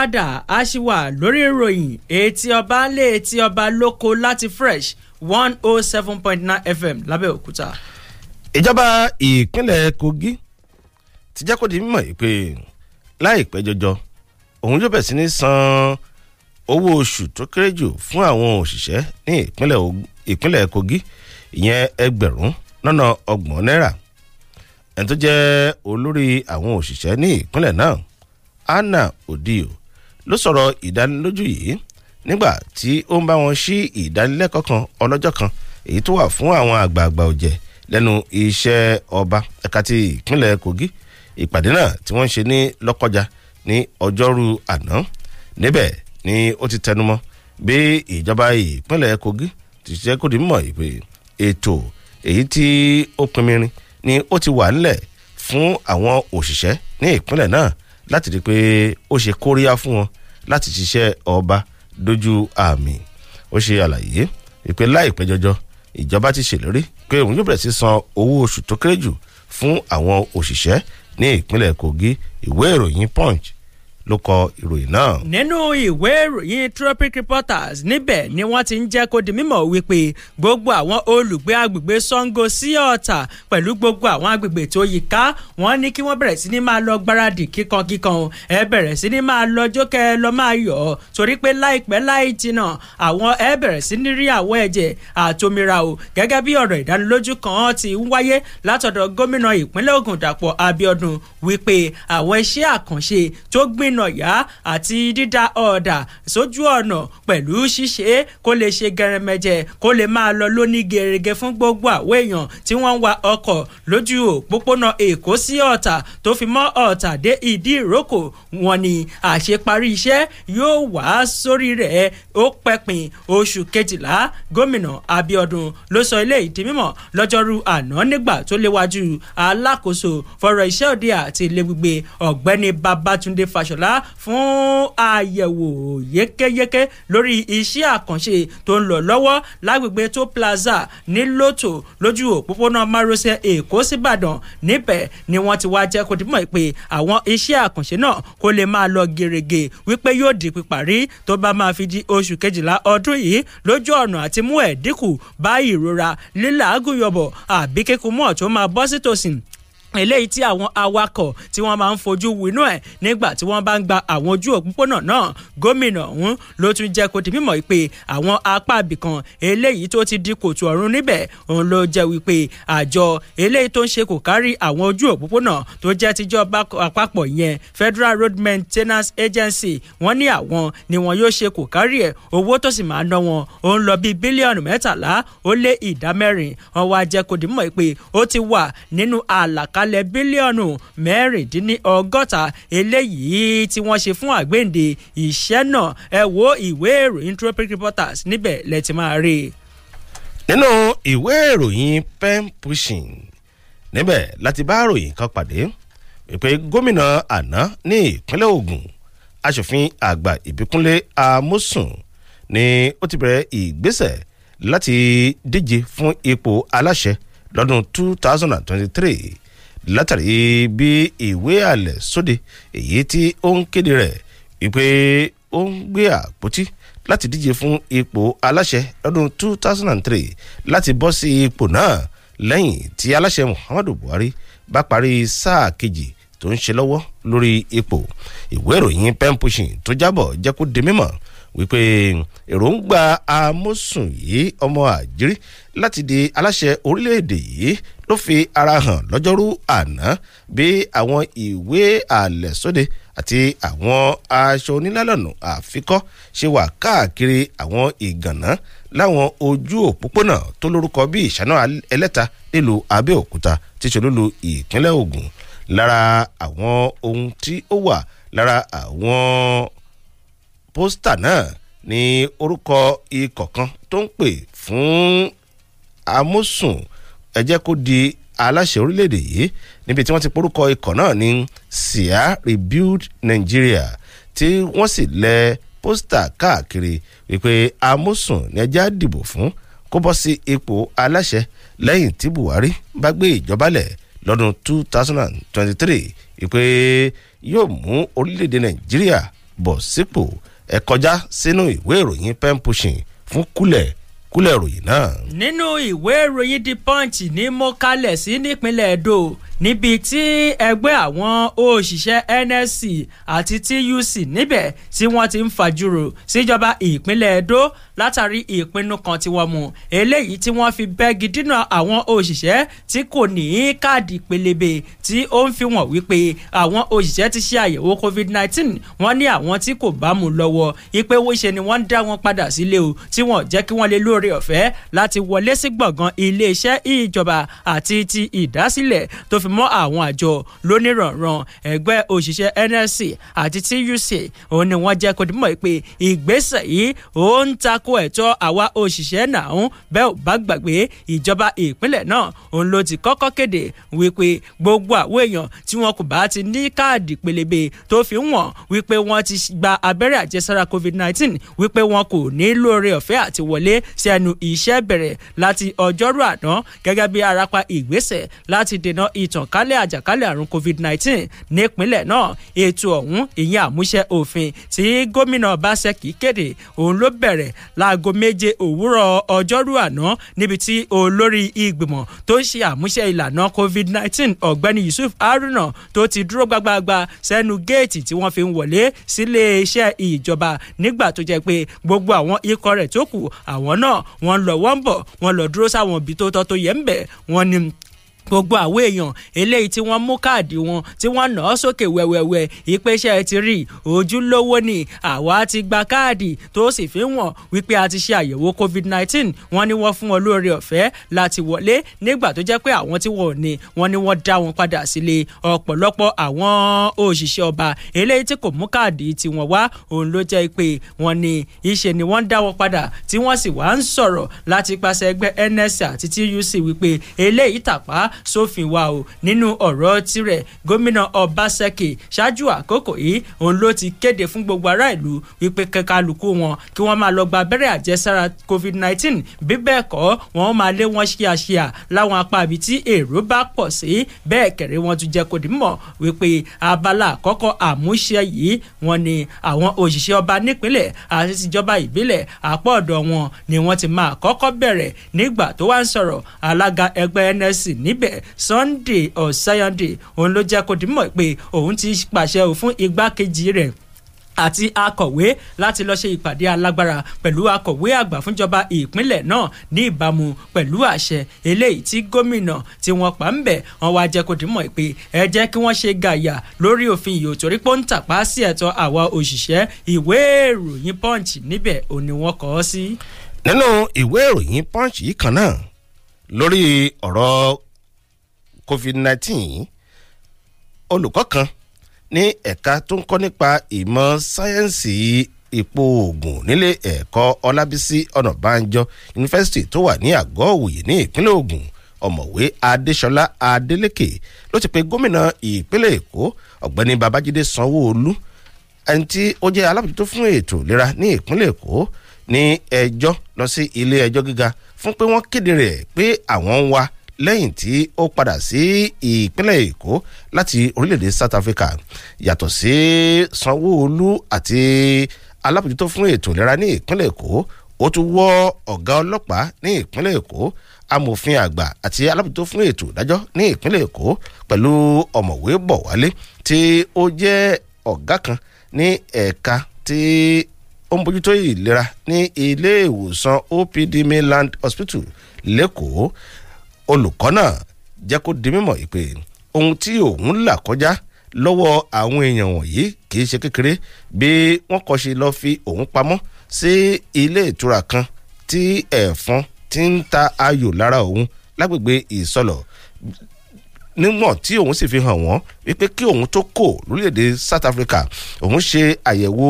padà á ṣì wà lórí ìròyìn etí ọba lé etí ọba lóko láti fresh one oh seven point nine fm lábẹ́òkúta. ìjọba ìpínlẹ̀ kogi ti jẹ́ kó di mímọ̀ yìí pé láìpẹ́ jọjọ òun yóò bẹ̀ sí ní san owó oṣù tó kéré jù fún àwọn òṣìṣẹ́ ní ìpínlẹ̀ kogi ìyẹn ẹgbẹ̀rún lọ́nà ọgbọ̀n náírà ẹni tó jẹ́ olórí àwọn òṣìṣẹ́ ní ìpínlẹ̀ náà anna odio ló sọ̀rọ̀ ìdánilójú yìí nígbà tí ó ń bá wọn ṣí ìdánilẹ́kọ̀ọ́ kan ọlọ́jọ́ kan èyí tó wà fún àwọn àgbààgbà ọ̀jẹ̀ lẹ́nu iṣẹ́ ọba ẹ̀ka ti ìpínlẹ̀ Kogi ìpàdé náà tí wọ́n ń ṣe ní Lọ́kọ́jà ní ọjọ́rú àná níbẹ̀ ni ó ti tẹnumọ́ bí ìjọba ìpínlẹ̀ Kogi ti ṣe kó di mọ̀ ìpè ètò èyí tí ó pinmirin ni ó ti wà nílẹ̀ fún àwọn òṣìṣẹ́ ní ìpínlẹ̀ náà láti rí i pé ó ṣe kóríyá fún wọn láti ṣiṣẹ́ ọba dojú àmì ó ṣe àlàyé ìpè láìpẹ́ jọjọ ìjọba ti ṣèlérí pé òun yóò bẹ̀rẹ̀ sí san owó oṣù tó kéré jù fún àwọn òṣìṣẹ́ ní ìpínlẹ̀ Kogi ìwé ìròyìn Punch ló kọ ìròyìn náà. nínú ìwé ìròyìn tropic reporters níbẹ̀ ni wọ́n ti ń jẹ́ kó di mímọ̀ wípé gbogbo àwọn olùgbé agbègbè sango sí ọ̀tà pẹ̀lú gbogbo àwọn agbègbè tó yí ká wọ́n ní kí wọ́n bẹ̀rẹ̀ sí ní máa lọ gbáradì kíkankíkan ẹ bẹ̀rẹ̀ sí ní máa lọ jókè lọ máa yọ̀ torí pé láìpẹ́ láì jìnnà àwọn ẹ bẹ̀rẹ̀ sí ní rí àwọ̀ ẹ̀jẹ̀ àtòmíra o gẹ́gẹ́ bí ìnàyà àti dídá ọ̀dà sójú ọ̀nà pẹ̀lú ṣíṣe kó lè ṣe gẹrẹmẹjẹ kó lè máa lọ lóní gẹrẹgẹ fún gbogbo àwọn èèyàn tí wọ́n ń wa ọkọ̀ lójú òpópónà èkó sí ọ̀tà tó fi mọ́ ọ̀tà dé ìdí ìrókò wọn ni àṣeparí iṣẹ́ yóò wá sórí rẹ̀ ó pẹ̀pìn oṣù kejìlá gómìnà Abíọ́dún ló sọ ilé ìdí mímọ̀ lọ́jọ́rú àná nígbà tó léwájú alákòóso fọ̀rọ̀ iṣẹ́ òde àti ilé gbígbé ọ̀gbẹ́ni Babátúndé Fáṣọlá kejìlá fún àyẹ̀wò yékéyéké lórí iṣẹ́ àkànṣe tó ń lọ lọ́wọ́ lágbègbè tó plaza ní lótò lójú òpópónà márosẹ̀ èkó síbàdàn níbẹ̀ ni wọ́n ti wá jẹ́ kó di mọ̀ pé àwọn iṣẹ́ àkànṣe náà kó lè máa lọ gèrègè wípé yóò di píparí tó bá máa fi di oṣù kejìlá ọdún yìí lójú ọ̀nà àti mú ẹ̀dínkù bá ìrora lílàágùn yọ̀bọ̀ àbí kíkún mọ́ tó máa bọ́ sí eléyìí tí àwọn awakọ̀ tí wọ́n máa ń fojú winú ẹ̀ nígbà tí wọ́n bá ń gba àwọn ojú òpópónà náà gómìnà ọ̀hún ló tún jẹ́ kó di mímọ̀ pé àwọn apá ibìkan eléyìí tó ti di kòtò ọ̀run níbẹ̀ òun ló jẹ́ wípé àjọ eléyìí tó ń ṣe kò kárí àwọn ojú òpópónà tó jẹ́ tìjọba àpapọ̀ yẹn Federal Road Maintenance Agency wọ́n ní àwọn ni wọn yóò ṣe kò kárí ẹ̀ owó tó sì máa ná wọn òun lọ bíi bílíọ̀nù mẹ́tàlá di mímọ̀ pé ó ti wà nínú àlàkà àlàkalẹ̀ bílíọ̀nù mẹ́rìndínlọ́gọ́ta eléyìí tí wọ́n ṣe fún àgbéǹde iṣẹ́ náà ẹ wo ìwé ìròyìn tropic reporters níbẹ̀ lẹ ti máa rí i. nínú ìwé ìròyìn pen pushing níbẹ̀ láti bá ròyìn kan pàdé wípé gómìnà àná ní ìpínlẹ̀ Ògùn aṣòfin àgbà Ìbíkúnlé Amósùn ni ó ti bẹ̀rẹ̀ ìgbésẹ̀ láti díje fún ipò aláṣẹ lọ́dún 2023 látàrí bí ìwé àlẹ̀ sóde èyí tí ó ń kéde rẹ̀ wípé ó ń gbé àpótí láti díje fún ipò aláṣẹ lọ́dún 2003 láti bọ́ sí ipò náà lẹ́yìn tí aláṣẹ Muhammadu Buhari bá parí sáà kejì tó ń ṣe lọ́wọ́ lórí ipò ìwé ìròyìn pen pushing tó jábọ̀ jẹ́ kó di mímọ̀ wípé èròǹgbà amósùn yìí ọmọ àjírí láti di aláṣẹ orílẹ̀-èdè yìí ló fi ara hàn lọ́jọ́rú àná bí àwọn ìwé àlẹ̀sóde àti àwọn aṣọ onílànà àfikọ́ ṣe wà káàkiri àwọn ìgànná láwọn ojú òpópónà tó lórúkọ bí ìṣáná ẹlẹ́ta nílùú Abẹ́òkúta tí ṣolúlu ìpínlẹ̀ Ògùn lára àwọn ohun tí ó wà lára àwọn pósítà náà ní orúkọ ikọ̀ kan tó ń pè fún amúsùn ẹ jẹ́ kó di aláṣẹ orílẹ̀-èdè yìí níbi tí wọ́n ti porúkọ ikọ̀ náà ní sia rebuild Nigeria tí wọ́n sì lẹ pósítà káàkiri wípé amúsùn ni ẹjẹ́ á dìbò fún kó bọ́ sí ipò aláṣẹ lẹ́yìn tí Buhari bá gbé ìjọba lẹ̀ lọ́dún 2023 ìpè yóò mú orílẹ̀-èdè Nàìjíríà bọ̀ sípò ẹ̀ kọjá sínú ìwé ìròyìn pen pushing fún kúlẹ̀ kúlẹ̀ ròyìn náà. nínú ìwé ìròyìn the punch ni mo kalẹ̀ sí nípínlẹ̀ edo níbi tí ẹgbẹ́ àwọn òṣìṣẹ́ NSC àti TUC níbẹ̀ tí wọ́n ti ń fàjúrò síjọba ìpínlẹ̀ Edo látàrí ìpinnu kan tí wọ́n mú eléyìí tí wọ́n fi bẹ́gi dínà àwọn òṣìṣẹ́ tí kò ní káàdì pélébé tí ó ń fi wọ́n wípé àwọn òṣìṣẹ́ ti ṣe àyẹ̀wò COVID-19 wọ́n ní àwọn tí kò bá mú lọ́wọ́ ipe owó ṣe ni wọ́n ń dá wọn padà sílé o tí wọ́n jẹ́ kí wọ́n lè lóore ọ̀fẹ́ láti wọlé sí gbọ̀ngàn iléeṣẹ́ ìjọba àti ti ìdásílẹ̀ tó fi mọ́ àwọn àjọ lónírànran ẹgbẹ́ òṣìṣẹ́ NLC àti TUC òun ni wọ́n jẹ́ kó di mọ̀ pé ìgbésẹ̀ yìí ó ń tako ẹ̀tọ́ àwa òṣìṣẹ́ náà bẹ́ẹ̀ ò bá gbàgbé ìjọba ìpínlẹ̀ náà òun ló ti kọ́kọ́ kéde wípé gbogbo àwọn èèyàn tí wọn kò bá ti ní káàdì pélébé tó fi ń wípé wọ́n ti gba abẹ́rẹ́ àjẹsára covid nineteen wípé wọn kò ní lóore ọ̀fẹ́ àti wọlé sí ẹnu iṣẹ́ bẹ̀rẹ̀ láti ọjọ́rú àná gẹ́gẹ́ bí arapa ìgbésẹ̀ láti dènà ìtàn ìtànkálẹ̀ àjàkálẹ̀ àrùn covid-19 nípínlẹ̀ náà ètò ọ̀hún ìyẹn àmúṣẹ òfin tí gómìnà Obaseki kéde òun ló bẹ̀rẹ̀ láago méje òwúrọ̀ ọjọ́rú àná níbi tí olórí ìgbìmọ̀ tó ń ṣe àmúṣẹ ìlànà covid-19 ọ̀gbẹ́ni Yusuf Haruna tó ti dúró gbagbagba sẹ́nu géètì tí wọ́n fi ń wọlé sílé iṣẹ́ ìjọba nígbà tó jẹ́ pé gbogbo àwọn ikọ̀ rẹ̀ tó kù àwọn náà wọ́n lọ wọ́n bọ̀ wọ́n lọ dúró sáwọn ibi tó tọ́ tó yẹ ń bẹ̀ wọ́n ní gbogbo àwọn èèyàn eléyìí tí wọ́n mú káàdì wọn tí wọ́n nà ọ́ sókè wẹ́wẹ́wẹ́ ìpèsè ti rí ojúlówó ni àwa ti gba káàdì tó sì fi wọ́n wípé a ti ṣe àyẹ̀wò covid nineteen, wọ́n ní wọ́n fún wọn lóore ọ̀fẹ́ láti wọlé nígbà tó jẹ́ pé àwọn tí wọn ò ní wọ́n ní wọ́n dá wọn padà sílé ọ̀pọ̀lọpọ̀ àwọn òṣìṣẹ́ ọba eléyìí tí kò mú káàdì tiwọn wá òun ló jẹ́ pé wọ́n ní iṣẹ́ ni wọ́n dá wọn padà tí wọ́n sì wá ń sọ̀rọ̀ láti pàṣẹ ẹgbẹ́ nsc àti tuc wípé eléyìí tàpá sófin wa o nínú ọ̀rọ̀ tirẹ̀ gómìnà ọbaṣẹ́kì ṣáájú àkókò yìí òun ló ti kéde fún gbogbo ará ìlú wípé kẹkálukú wọn kí wọ́n máa lọ gba abẹ́rẹ́ àjẹsára covid nineteen bí bẹ́ẹ̀ kọ́ wọ́n máa lé wọn ṣíàṣíà láwọn apá ibi tí èrò bá pọ̀ sí bẹ́ẹ̀ kẹ̀rẹ́ wọn tún jẹ́ kó di mọ̀ wípé abala àkọ́kọ́ àmúṣe yìí wọ́n ní àwọn òṣìṣẹ́ ọba nípínlẹ̀ àti tìjọba ìbílẹ̀ àpọ̀ ọ̀dọ̀ wọn ni wọ́n ti máa kọ́kọ́ bẹ̀rẹ̀ nígbà tó wá ń sọ̀rọ̀ alága ẹgbẹ́ nsc níbẹ̀ Sunday bẹ́ẹ̀ Sunday Ọ̀sáyàndé òun ló jẹ́ kó di mọ̀ pé òun ti pàṣẹ ò fún igbákejì rẹ̀ àti akọ̀wé láti lọ́ọ́ ṣe ìpàdé alágbára pẹ̀lú akọ̀wé àgbà fúnjọba ìpínlẹ̀ náà ní ìbámu pẹ̀lú àṣẹ eléyìí tí gómìnà tí wọ́n pa ń bẹ̀ wọ́n wá jẹ́ kó dìmọ̀ pé ẹ jẹ́ kí wọ́n ṣe gàyà lórí òfin yìí torí pé ó ń tàpá sí ẹ̀tọ́ àwa òṣìṣẹ́ ìwé ìròyìn punch níbẹ̀ ò ní wọ́n kọ́ sí. nínú ìwé ìròyìn punch yìí kan náà lórí ọ̀rọ̀ covid-19 olùkọ́ kan ní ẹ̀ka tó ń kọ́ nípa ìmọ̀ sáyẹ́ǹsì ipò oògùn nílé ẹ̀kọ́ ọlábísí ọ̀nàbánjọ yunifásitì tó wà ní àgọ́ òwòye ní ìpínlẹ̀ Ògùn ọ̀mọ̀wé adéṣọlá adélékè ló ti pe gómìnà ìpínlẹ̀ èkó ọ̀gbẹ́ni babájídé sanwó-olú ẹni tí ó jẹ́ alábòjútó fún ètò ìlera ní ìpínlẹ̀ èkó ní ẹjọ́ lọ sí ilé ẹjọ́ gíga fún pé wọ́n kéde rẹ̀ pé àwọn ń wa lẹ́yìn tí ó padà sí ìpínlẹ̀ èkó láti orílẹ̀-èdè South Africa yàtọ̀ sí Sanwó-Olú àti alábòjútó fún ètò ìlera ní ìpínlẹ̀ èkó ó tún wọ́ ọ̀gá ọlọ́pàá ní ìpínlẹ̀ èkó amòfin àgbà àti alábòjútó fún ètò ìdájọ́ ní ìpínlẹ̀ èkó pẹ̀lú ọ̀mọ̀wé Bọ̀wálé tí ó jẹ́ ọ̀gá kan ní ẹ̀ka tí ó ń bójútó ìlera ní ilé ìwòsàn OPD Mainland Hospital lẹ́kọ̀ọ́ olùkọ́ náà jẹ́ kó di mímọ̀ pé ohun tí òun là kọjá lọ́wọ́ àwọn èèyàn wọ̀nyí kì í ṣe kékeré bí wọ́n kọ́ ṣe lọ́ọ́ fi òun pamọ́ sí ilé ìtura kan tí ẹ̀fọn ti ń ta ayò lára òun lágbègbè ìsọlọ̀ nígbọ̀n tí òun sì fi hàn wọ́n wípé kí òun tó kò lórílẹ̀‐èdè South Africa òun ṣe àyẹ̀wò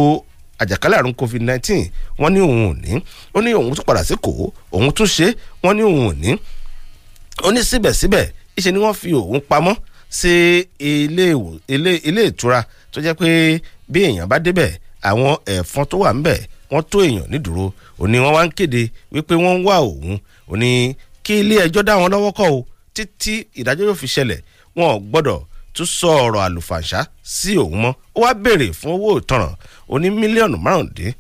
àjàkálẹ̀ àrùn covid nineteen, wọ́n ní òun ò ní ó ní òun tún padà sí kò òun tún ṣe wọ́n ní òun ò ní ó ní síbẹ̀síbẹ̀ ìṣe ni wọ́n fi òun pamọ́ sí ilé ìtura tó jẹ́ pé bí èèyàn bá débẹ̀ àwọn ẹ̀fọn tó wà ńbẹ̀ wọ́n tó èèyàn nídùúró ó ní wọ́n wá ń kéde wípé wọ́n ń wá òun ó ní kí ilé ẹjọ́ dá wọn lọ́wọ́ kọ́ o títí ìdájọ́ yóò fi ṣẹlẹ̀ wọn ò gbọ́dọ̀ tún sọ ọ̀rọ̀ àlùfàǹṣá sí òun mọ́ ó wá béèrè fún owó ìtanràn ó ní mílíọ̀nù márùndín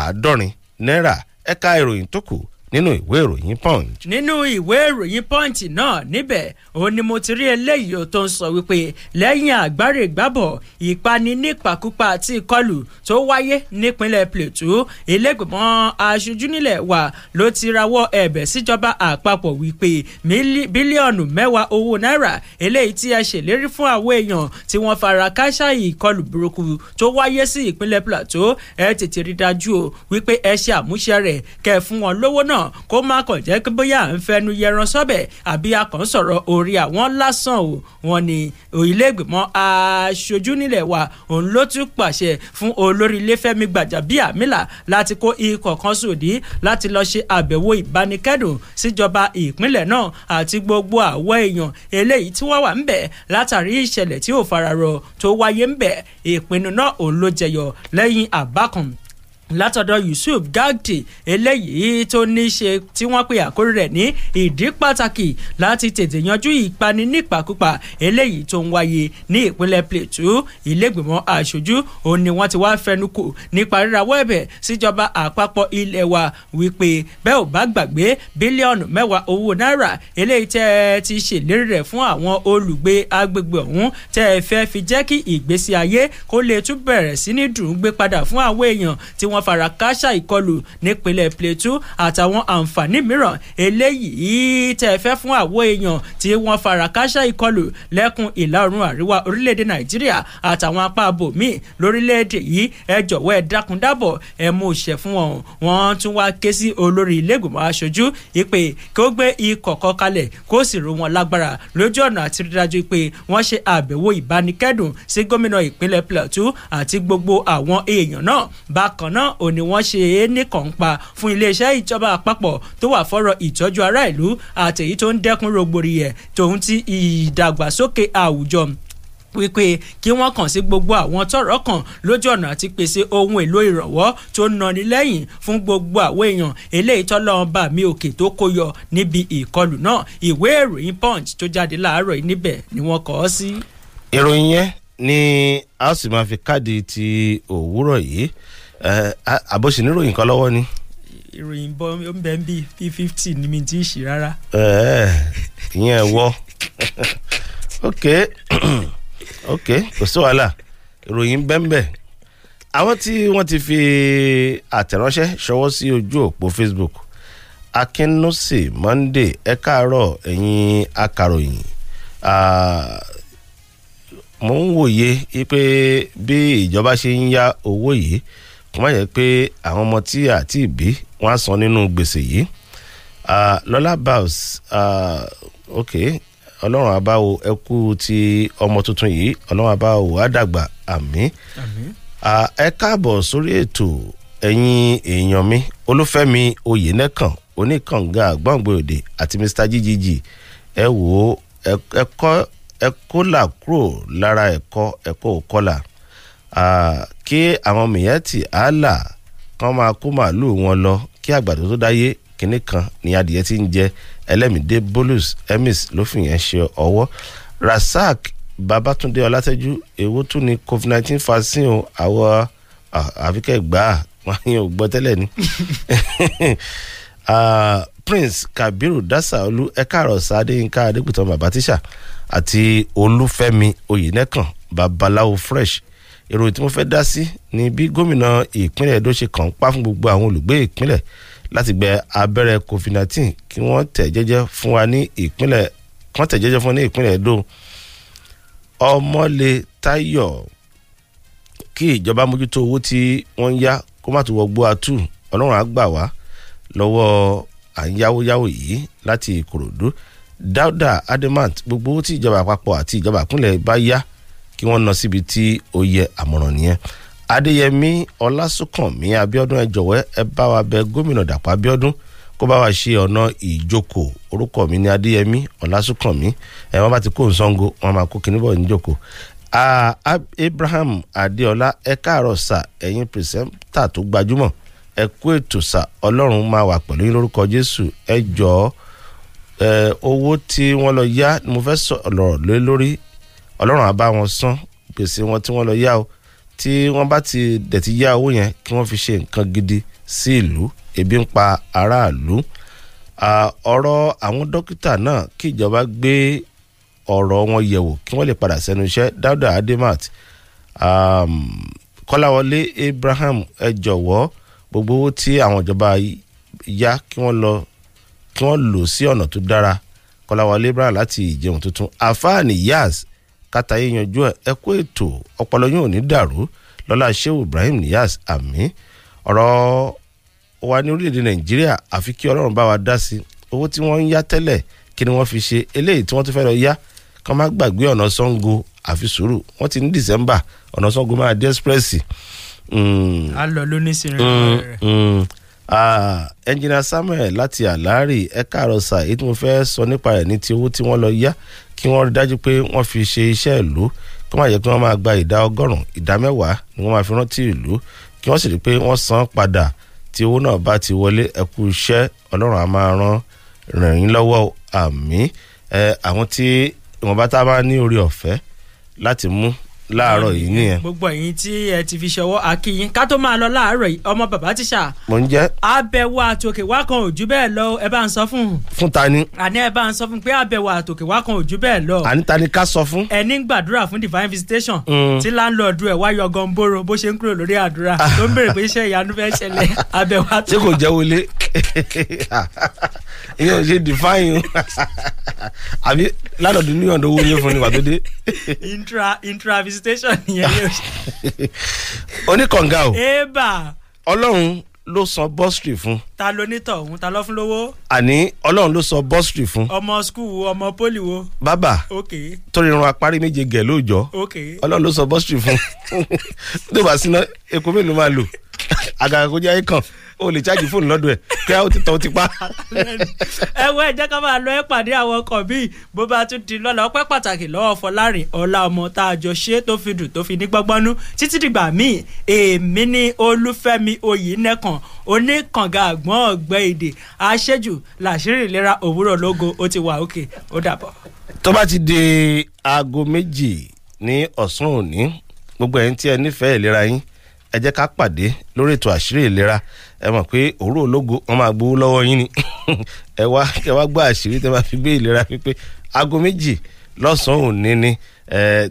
àádọ́rin náírà ẹ̀ka ìròyìn tó kù nínú ìwé ìròyìn punch. nínú ìwé ìròyìn punch náà níbẹ̀ òun ni mo ti rí eléyìí tó ń sọ wípé lẹ́yìn àgbáre ìgbàbọ̀ ìpani nípakúpa àti ìkọlù tó wáyé nípínlẹ̀ plateau ilégbèmọ̀ aṣojú nílẹ̀ wa ló ti rawọ́ ẹ̀bẹ̀ síjọba àpapọ̀ wípé bílíọ̀nù mẹ́wàá owó náírà eléyìí tí a ṣèlérí fún àwọn èèyàn tí wọ́n fara káṣá ìkọlù burúkú tó wáyé sí ìpínlẹ̀ plateau ẹ tètè rí dájú o wípé ẹ ṣe àmúṣe rẹ̀ kẹ́ fún wọn lówó náà náà kó má kàn jẹ́ pé bóyá à ń fẹnu yẹran sọ́bẹ̀ àbí a kàn ń sọ̀rọ̀ orí àwọn lásán o wọn ni ilé ìgbìmọ̀ aṣojú nílẹ̀ wa òun ló tún pàṣẹ fún olórí Ilé-Fẹ́mi Gbàjàbíàmílà láti kó ikọ̀ kan sòdí láti lọ́ọ́ ṣe àbẹ̀wò ìbánikẹ́dùn síjọba ìpínlẹ̀ náà àti gbogbo àwọn èèyàn eléyìí tí wọ́n wà ń bẹ̀ látàrí ìṣẹ̀lẹ̀ tí ò fararọ̀ tó wáyé ń bẹ̀ ìpinnu náà òun ló jẹyọ lẹ́yìn àbá látọ̀dọ̀ Yusuf Gagdi eléyìí tó ní í ṣe tí wọ́n pe àkórí rẹ̀ ní ìdí pàtàkì láti tètè yanjú ìpani nípakúpa eléyìí tó ń wáyé ní ìpínlẹ̀ Plateau ilégbèmọ̀ aṣojú òun ni wọ́n ti wá fẹnu kò nípa rírawọ́ ẹ̀bẹ̀ síjọba àpapọ̀ ilé wa wípé bẹ́ẹ̀ ò bá gbàgbé bílíọ̀nù mẹ́wàá owó náírà eléyìí tẹ́ ẹ ti ṣèlérí rẹ̀ fún àwọn olùgbé agbègbè ọ̀hún àwọn fàràkàṣà ìkọlù nípínlẹ̀ Plateau àtàwọn àǹfààní mìíràn eléyìí tẹ́ fẹ́ fún àwọ èèyàn tí wọ́n fàràkàṣà ìkọlù lẹ́kùn ìlà oòrùn àríwá orílẹ̀-èdè Nàìjíríà àtàwọn apá abòmíì lórílẹ̀-èdè yìí ẹ jọ̀wọ́ ẹ dákundábọ̀ ẹ mú ìṣẹ́ fún wọn wọ́n tún wá ké sí olórí ilégbèmọ̀ aṣojú ìpè kí ó gbé ikọ̀ kan kalẹ̀ kó sì ró wọn lágbára lójú ọ̀nà àti rídájú pé wọ́n ṣe àbẹ̀wò ìbánikẹ́dùn sí gómìnà ìpínlẹ̀ Plateau àti gbogbo àwọn èèyàn náà bákan náà òní wọ́n ṣe é níkànpá fún iléeṣẹ́ ìjọba àpapọ̀ tó wà fọ́rọ̀ ìtọ́jú ará ìlú àtẹ̀yí tó ń dẹ́kun rògbòdìyẹ tòun ti ìdàgbàsókè àwùjọ wípé kí wọ́n kàn sí gbogbo àwọn tọ́rọ̀ kàn lójú ọ̀nà àti pèsè ohun èlò ìrànwọ́ tó nani lẹ́yìn fún gbogbo àwọn èèyàn eléyìí tọ́lọ́run bá mi òkè tó kó yọ níbi ìkọlù náà ìwé ìròyìn punch tó jáde láàárọ̀ yìí níbẹ̀ ni wọ́n kọ́ ọ sí. ìròyìn yẹn ni a sì máa fi káàdì ti òwúrọ̀ yìí àbòsí níròyìn kan lọ́wọ́ ni. ìròyìn bọ ń bẹ ń bí p fifty ni mi ti ń ṣì rárá. ìyẹn wọ ok ok kò sí wàhálà ìròyìn bẹ́ẹ̀ bẹ́ẹ̀ àwọn tí wọ́n ti fi àtẹ̀ránṣẹ́ ṣọwọ́ sí ojú òpó Facebook akínúsì Monday ẹ káàárọ̀ ẹ̀yin akàròyìn mo ń wòye pé bí ìjọba ṣe ń yá owó yìí wọ́n máa yẹ pé àwọn ọmọ tí àti ìbí wọ́n á san nínú gbèsè yìí lọ́lá baus ok ọlọ́run abáwo ẹkú ti ọmọ tuntun yìí ọlọ́run abáwo àdàgbà àmín ẹ káàbọ̀ sórí ètò ẹ̀yin èèyàn mi olúfẹ́mi oyènẹ́kàn oníkànga gbọ̀ngbòde àti mr jíjìjì ẹ wò ó ẹ kọ́ ẹ kó là kúrò lára ẹ̀kọ́ ẹ̀kọ́ òkọ́là kí àwọn mìyẹ́tì àlà kan máa kó màálùú wọn lọ kí àgbàdo tó dáyé kínní kan ní adìyẹ ti ń jẹ ẹlẹ́mìdé bolus emis ló fìyẹn ṣe ọwọ́ rasak babatunde ọlátẹ́jú èwo tún ni covid nineteen vaccine o àwọ àfikẹ́ gbà á wọn yẹn ò gbọ́ tẹ́lẹ̀ ni prince kabiru dasaolu ẹ̀kaàrọ̀ sadeyinka adegbutọ baba tíṣà àti olúfẹ́mi oyinẹ̀kan babaláwo fresh ìròyìn tí mo fẹ́ dá sí ni bí gómìnà ìpínlẹ̀ Edo ṣe kàn ń pa fún gbogbo àwọn olùgbé ìpínlẹ̀ láti gbẹ abẹ́rẹ́ COVID-19 kí wọ́n tẹ̀ jẹ́jẹ́ fún wa ní ìpínlẹ̀ kán tẹ̀ jẹ́jẹ́ fún ní ìpínlẹ̀ Edo ọmọlé Táyọ̀ kí ìjọba mójútó owó tí wọ́n ń yá kó má tó wọgbó atú ọlọ́run á gbà wá lọ́wọ́ à ń yáwóyáwó yìí láti Ìkòròdú Dáúdà Adamant gbogbo owó tí ìjọba àpapọ̀ àti ìjọba ìpínlẹ̀ bá yá kí wọ́n nà síbi tí ó yẹ àmọ̀ràn nìyẹn adéyẹmí ọlásùnkànmí abíọ́dún ẹ jọ̀wọ́ ẹ bá wa bẹ gómìnà dàpọ̀ abiodun kó bá wa ṣe ọ̀nà ìjókòó orúkọ mi ní adéyẹmí ọlásùnkànmí ẹ wọn bá ti kó nsọ́ngo wọn máa kó kíníbọ̀ níjókòó abraham adéọlá ẹ káàárọ̀ sà ẹ̀yin pìrìsẹ́ńtà tó gbajúmọ̀ ẹ kú ètò sà ọlọ́run máa wà pẹ̀lú yín lórúkọ jésù ẹ jọ̀ọ́ owó tí wọ́n lọ yá ni mo fẹ́ sọ̀rọ̀ lórí ọlọ́run á bá wọn san gbèsè wọn tí wọ́n lọ yá o tí wọ́n bá ti dẹ̀ ti yá owó yẹn kí wọ́n fi ṣe nǹkan gidi sí ìlú ebi ń pa aráàlú ọ̀rọ̀ àwọn dókítà náà kí ìjọba gbé ọ̀rọ̀ wọn yẹ̀wò kí wọ́n lè padà sẹ́nu iṣẹ́ Dáúdà Adémat Kọ́láwọlé Abraham ẹ jọ̀wọ́ gbogbo owó tí àwọn ìjọba yá kí wọ́n lọ kí wọ́n lò sí ọ̀nà tó dára Kọ́láwọlé Abraham láti ìjẹun tuntun afaani Yas kátàyé yanjú ẹ̀ ẹ kó ètò ọpọlọ yóò ní dàrú lọ́lá Shehu Ibrahim Niass àmì ọ̀rọ̀ wa ní orílẹ̀-èdè Nàìjíríà àfi kí Ọlọ́run bá wa dá sí owó tí wọ́n ń yá tẹ́lẹ̀ kí ni wọ́n fi ṣe eléyìí tí wọ́n tún fẹ́ lọ yá kàn má gbàgbé ọ̀nà Ṣàngó àfi sùúrù wọ́n ti ní December ọ̀nà Ṣàngó máa dé express. Hmm. a lọ lóní rẹ. ẹnjìnà Samuel láti Àlárì ẹ káàárọ̀ sáà èyí tí mo fẹ́ sọ nípa ẹ̀ ní ti owó tí wọ́n lọ yá kí wọ́n rí dájú pé wọ́n fi ṣe iṣẹ́ ìlú kí wọ́n má jẹ́ pé wọ́n máa gba ìdá ọgọ́rùn-ún ìdá mẹ́wàá ni wọ́n máa fi rántí ìlú kí wọ́n sì rí pé wọ́n san padà tí owó náà bá ti wọlé ẹ kú iṣẹ́ ọlọ́run á máa ràn ràn yín lọ́wọ́ àmì àwọn tí ìwọ̀nba tá a máa ní orí ọ̀fẹ́ láti mú láàárọ̀ yìí nìyẹn. gbogbo ẹ̀yin tí ẹ ti fi ṣọwọ́ akíyín ká tó máa lọ láàárọ̀ yìí ọmọ bàbá tíṣà. mo ń jẹ́. abẹ́wò àtòkè wá kan ò jù bẹ́ẹ̀ lọ ẹ bá ń sọ fún. fún ta ni. àní ẹ bá ń sọ fún pé abẹ́wò àtòkè wá kan ò jù bẹ́ẹ̀ lọ. àní ta ni ká sọ fún. ẹni ń gbàdúrà fún divine visitation. Mm. tí láńlọ́ọ̀dù ẹ̀ wáyọ̀ gọ́ńbóró bó ṣe ń kúrò lórí àdúrà ah. tó ń béèrè ìyẹn ò ṣe define o àbí ládọ̀dún ní ọ̀dọ̀ owó yẹn fún ni wà tó dé. intra intra visitation nìyẹn ni o ṣe. oníkànga o. eba. ọlọ́run ló sọ bọ́sìtì fún. ta ló ní tọ̀hún ta ló fún lówó. àní ọlọ́run ló sọ bọ́sìtì fún. ọmọ skul ọmọ poli wo. bàbá okay. torí irun apárí méje gẹ̀ lóòjọ́ okay. ọlọ́run ló sọ bọ́sìtì fún. tó bá síná epo mélòó máa lò. àgàgà kó jẹ́ ikàn o lè ṣáàjì fóònù lọ́dọ̀ ẹ̀ kí a ó ti tọ́ ó ti pa. ẹ wọ ẹ jẹ́ ká máa lọ ẹ pàdé àwọn ọkọ̀ mi bó bá tún di lọ́la ọpẹ́ pàtàkì lọ́wọ́ Fọlárin ọlá ọmọ tá a jọ ṣe tó fi dùn tó fi ní gbọ́gbọ́nú títí dìgbà míì èmi ni Olúfẹ́mi Oyinẹ̀kan oníkànga àgbọ̀n ọ̀gbẹ́ èdè àṣejù làṣírí ìlera òwúrọ̀ lógo ó ti wà òkè ó dàbọ̀. tó bá ti di aago méjì ní ọ̀sán òní gbogbo ẹ̀yin tí ẹ nífẹ̀ẹ́ ìlera yín ẹ jẹ́ ká pàdé lórí ètò àṣírí ìlera ẹ mọ̀ pé òru ológo wọn máa gbowó lọ́wọ́ yín ni ẹ wá ẹ wá gbọ́ àṣírí tẹ́ máa fi gbé ìlera pípé aago méjì lọ́sàn-án òní ni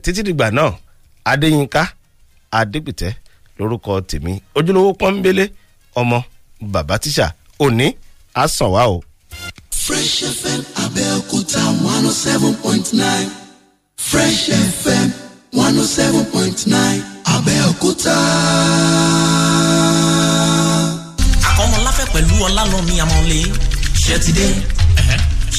títí dìgbà náà adéyínká adégbìtẹ́ lórúkọ tèmi ojúlówó pọ́nbélé ọmọ bàbá tíṣà òní á sàn wá o. fresh fm abẹ́òkúta one oh seven point nine fresh fm one oh seven point nine Abẹ́òkúta. àkọ́mọláfẹ́ pẹ̀lú ọlálọ́mí amọ̀lé ṣẹ́ ti dé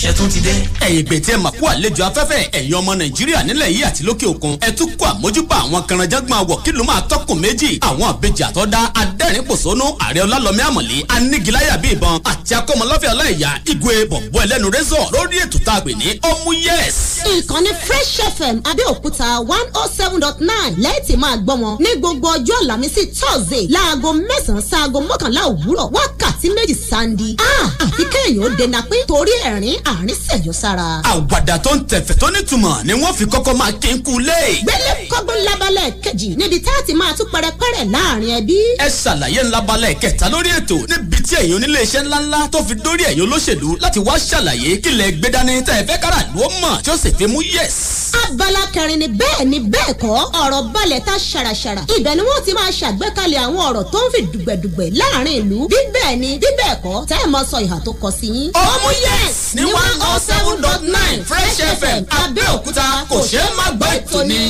ṣe tún ti dé. ẹ̀yin gbè tí àlejò afẹ́fẹ́ ẹ̀yin ọmọ nàìjíríà nílẹ̀ yìí àti lókè òkun ẹ tún kó àmójúbà àwọn kanranjágbọn àwọ̀ kí máa tọkùn méjì àwọn àbejì àtọ́dá adẹ́rìn pòsónú ààrẹ ọlálọ́mí àmọ̀lé anígiláyà bí ìbọn àti akọ́mọlọ́fẹ́ ọláìyá igwe bọ̀bọ̀ ẹlẹ́nu rẹ́sọ̀ lórí ètò tá a pè ní ọmú yẹ́s. ìkànnì fresh fm abẹ́òkúta one oh seven dot nine lẹ́ẹ̀tì máa gbọ́ wọn ní gbogbo ọjọ́ àlàmísì thursday láago mẹ́sàn-án sáago mọ́kànlá òwúrọ̀ wákàtí méjì sáńdí. Ah, àfi kéèyàn ó dènà pé torí ẹ̀rín àárín sẹ̀yọ́ sára. àwàdà tó ń tẹ̀fẹ̀ tó nítumọ̀ ni wọ́n fi kọ́kọ́ máa kí n kú lé. gbélé kọ́gbó labalẹ̀ kejì níbi tá a ti máa tún pẹrẹpẹrẹ láàrin ẹbí. ẹ ṣàlàyé labalẹ̀ kẹta lórí ètò níbi tí ẹ̀yin oníléeṣẹ́ ńláńlá tó fi dórí ẹ̀yin olóṣèlú láti wá ṣàlàyé kílẹ̀ gbẹ́dání tẹ́ ẹ fẹ́ kára ló mọ̀ tí ó sì fi mú yẹ̀s. abala kẹrin ni bẹ́ẹ̀ ni bẹ́ẹ̀ kọ́ ọ̀rọ̀ balẹ̀ ta ṣàràṣàrà ibẹ̀ ni wọ́n ti máa ṣàgbékalẹ̀ àwọn ọ̀rọ̀ tó ń fi dùgbẹ̀dùgbẹ̀ láàrin ìlú bí ni bí bẹ́ẹ̀ kọ́ ẹ mọ sọ ìhà tó kọ sí yín. ọmú yẹ̀s ni w one oh seven dot nine fresh fm abẹ́òkúta kò ṣeé má gbọ́ ètò ni.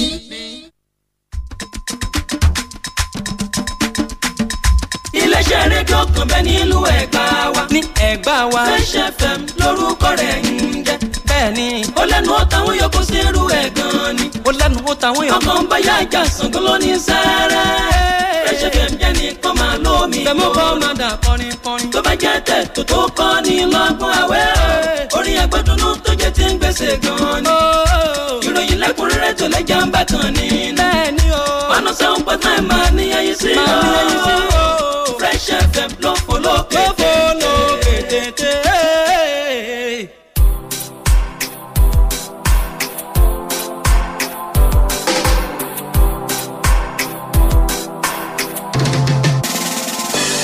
iléeṣẹ́ rédíò kan bẹ́ẹ̀ nílùú ẹ̀gbá wa. ní ẹ̀gbá wa. fresh fm lórúkọ rẹ̀ ń jẹ́ bẹ́ẹ̀ni. ó lẹ́nu ó tàwọn yòókù sí irú ẹ̀ gan ni. ó lẹ́nu ó tàwọn yòókù. ọkàn bá yá ìjà Ṣàngó ló ní sáárẹ̀. Fresh FM jẹ́ ní kọ́ máa lómi. bẹ́ẹ̀ mo kọ́ máa dà kọ́ tó bá jẹ́ tẹ̀tù tó kọ́ ni lọ́gbọ́n àwẹ́ orin agbẹ́dúnú tó jẹ́ ti ń gbèsè gan-an ni oh. ìròyìn lẹ́kùnrẹ́rẹ́ tó lẹ́jà ń bá kan ni bẹ́ẹ̀ni o one seven point nine máa ní ẹyin sí i oh. Fresh FM ló fò lókè tètè.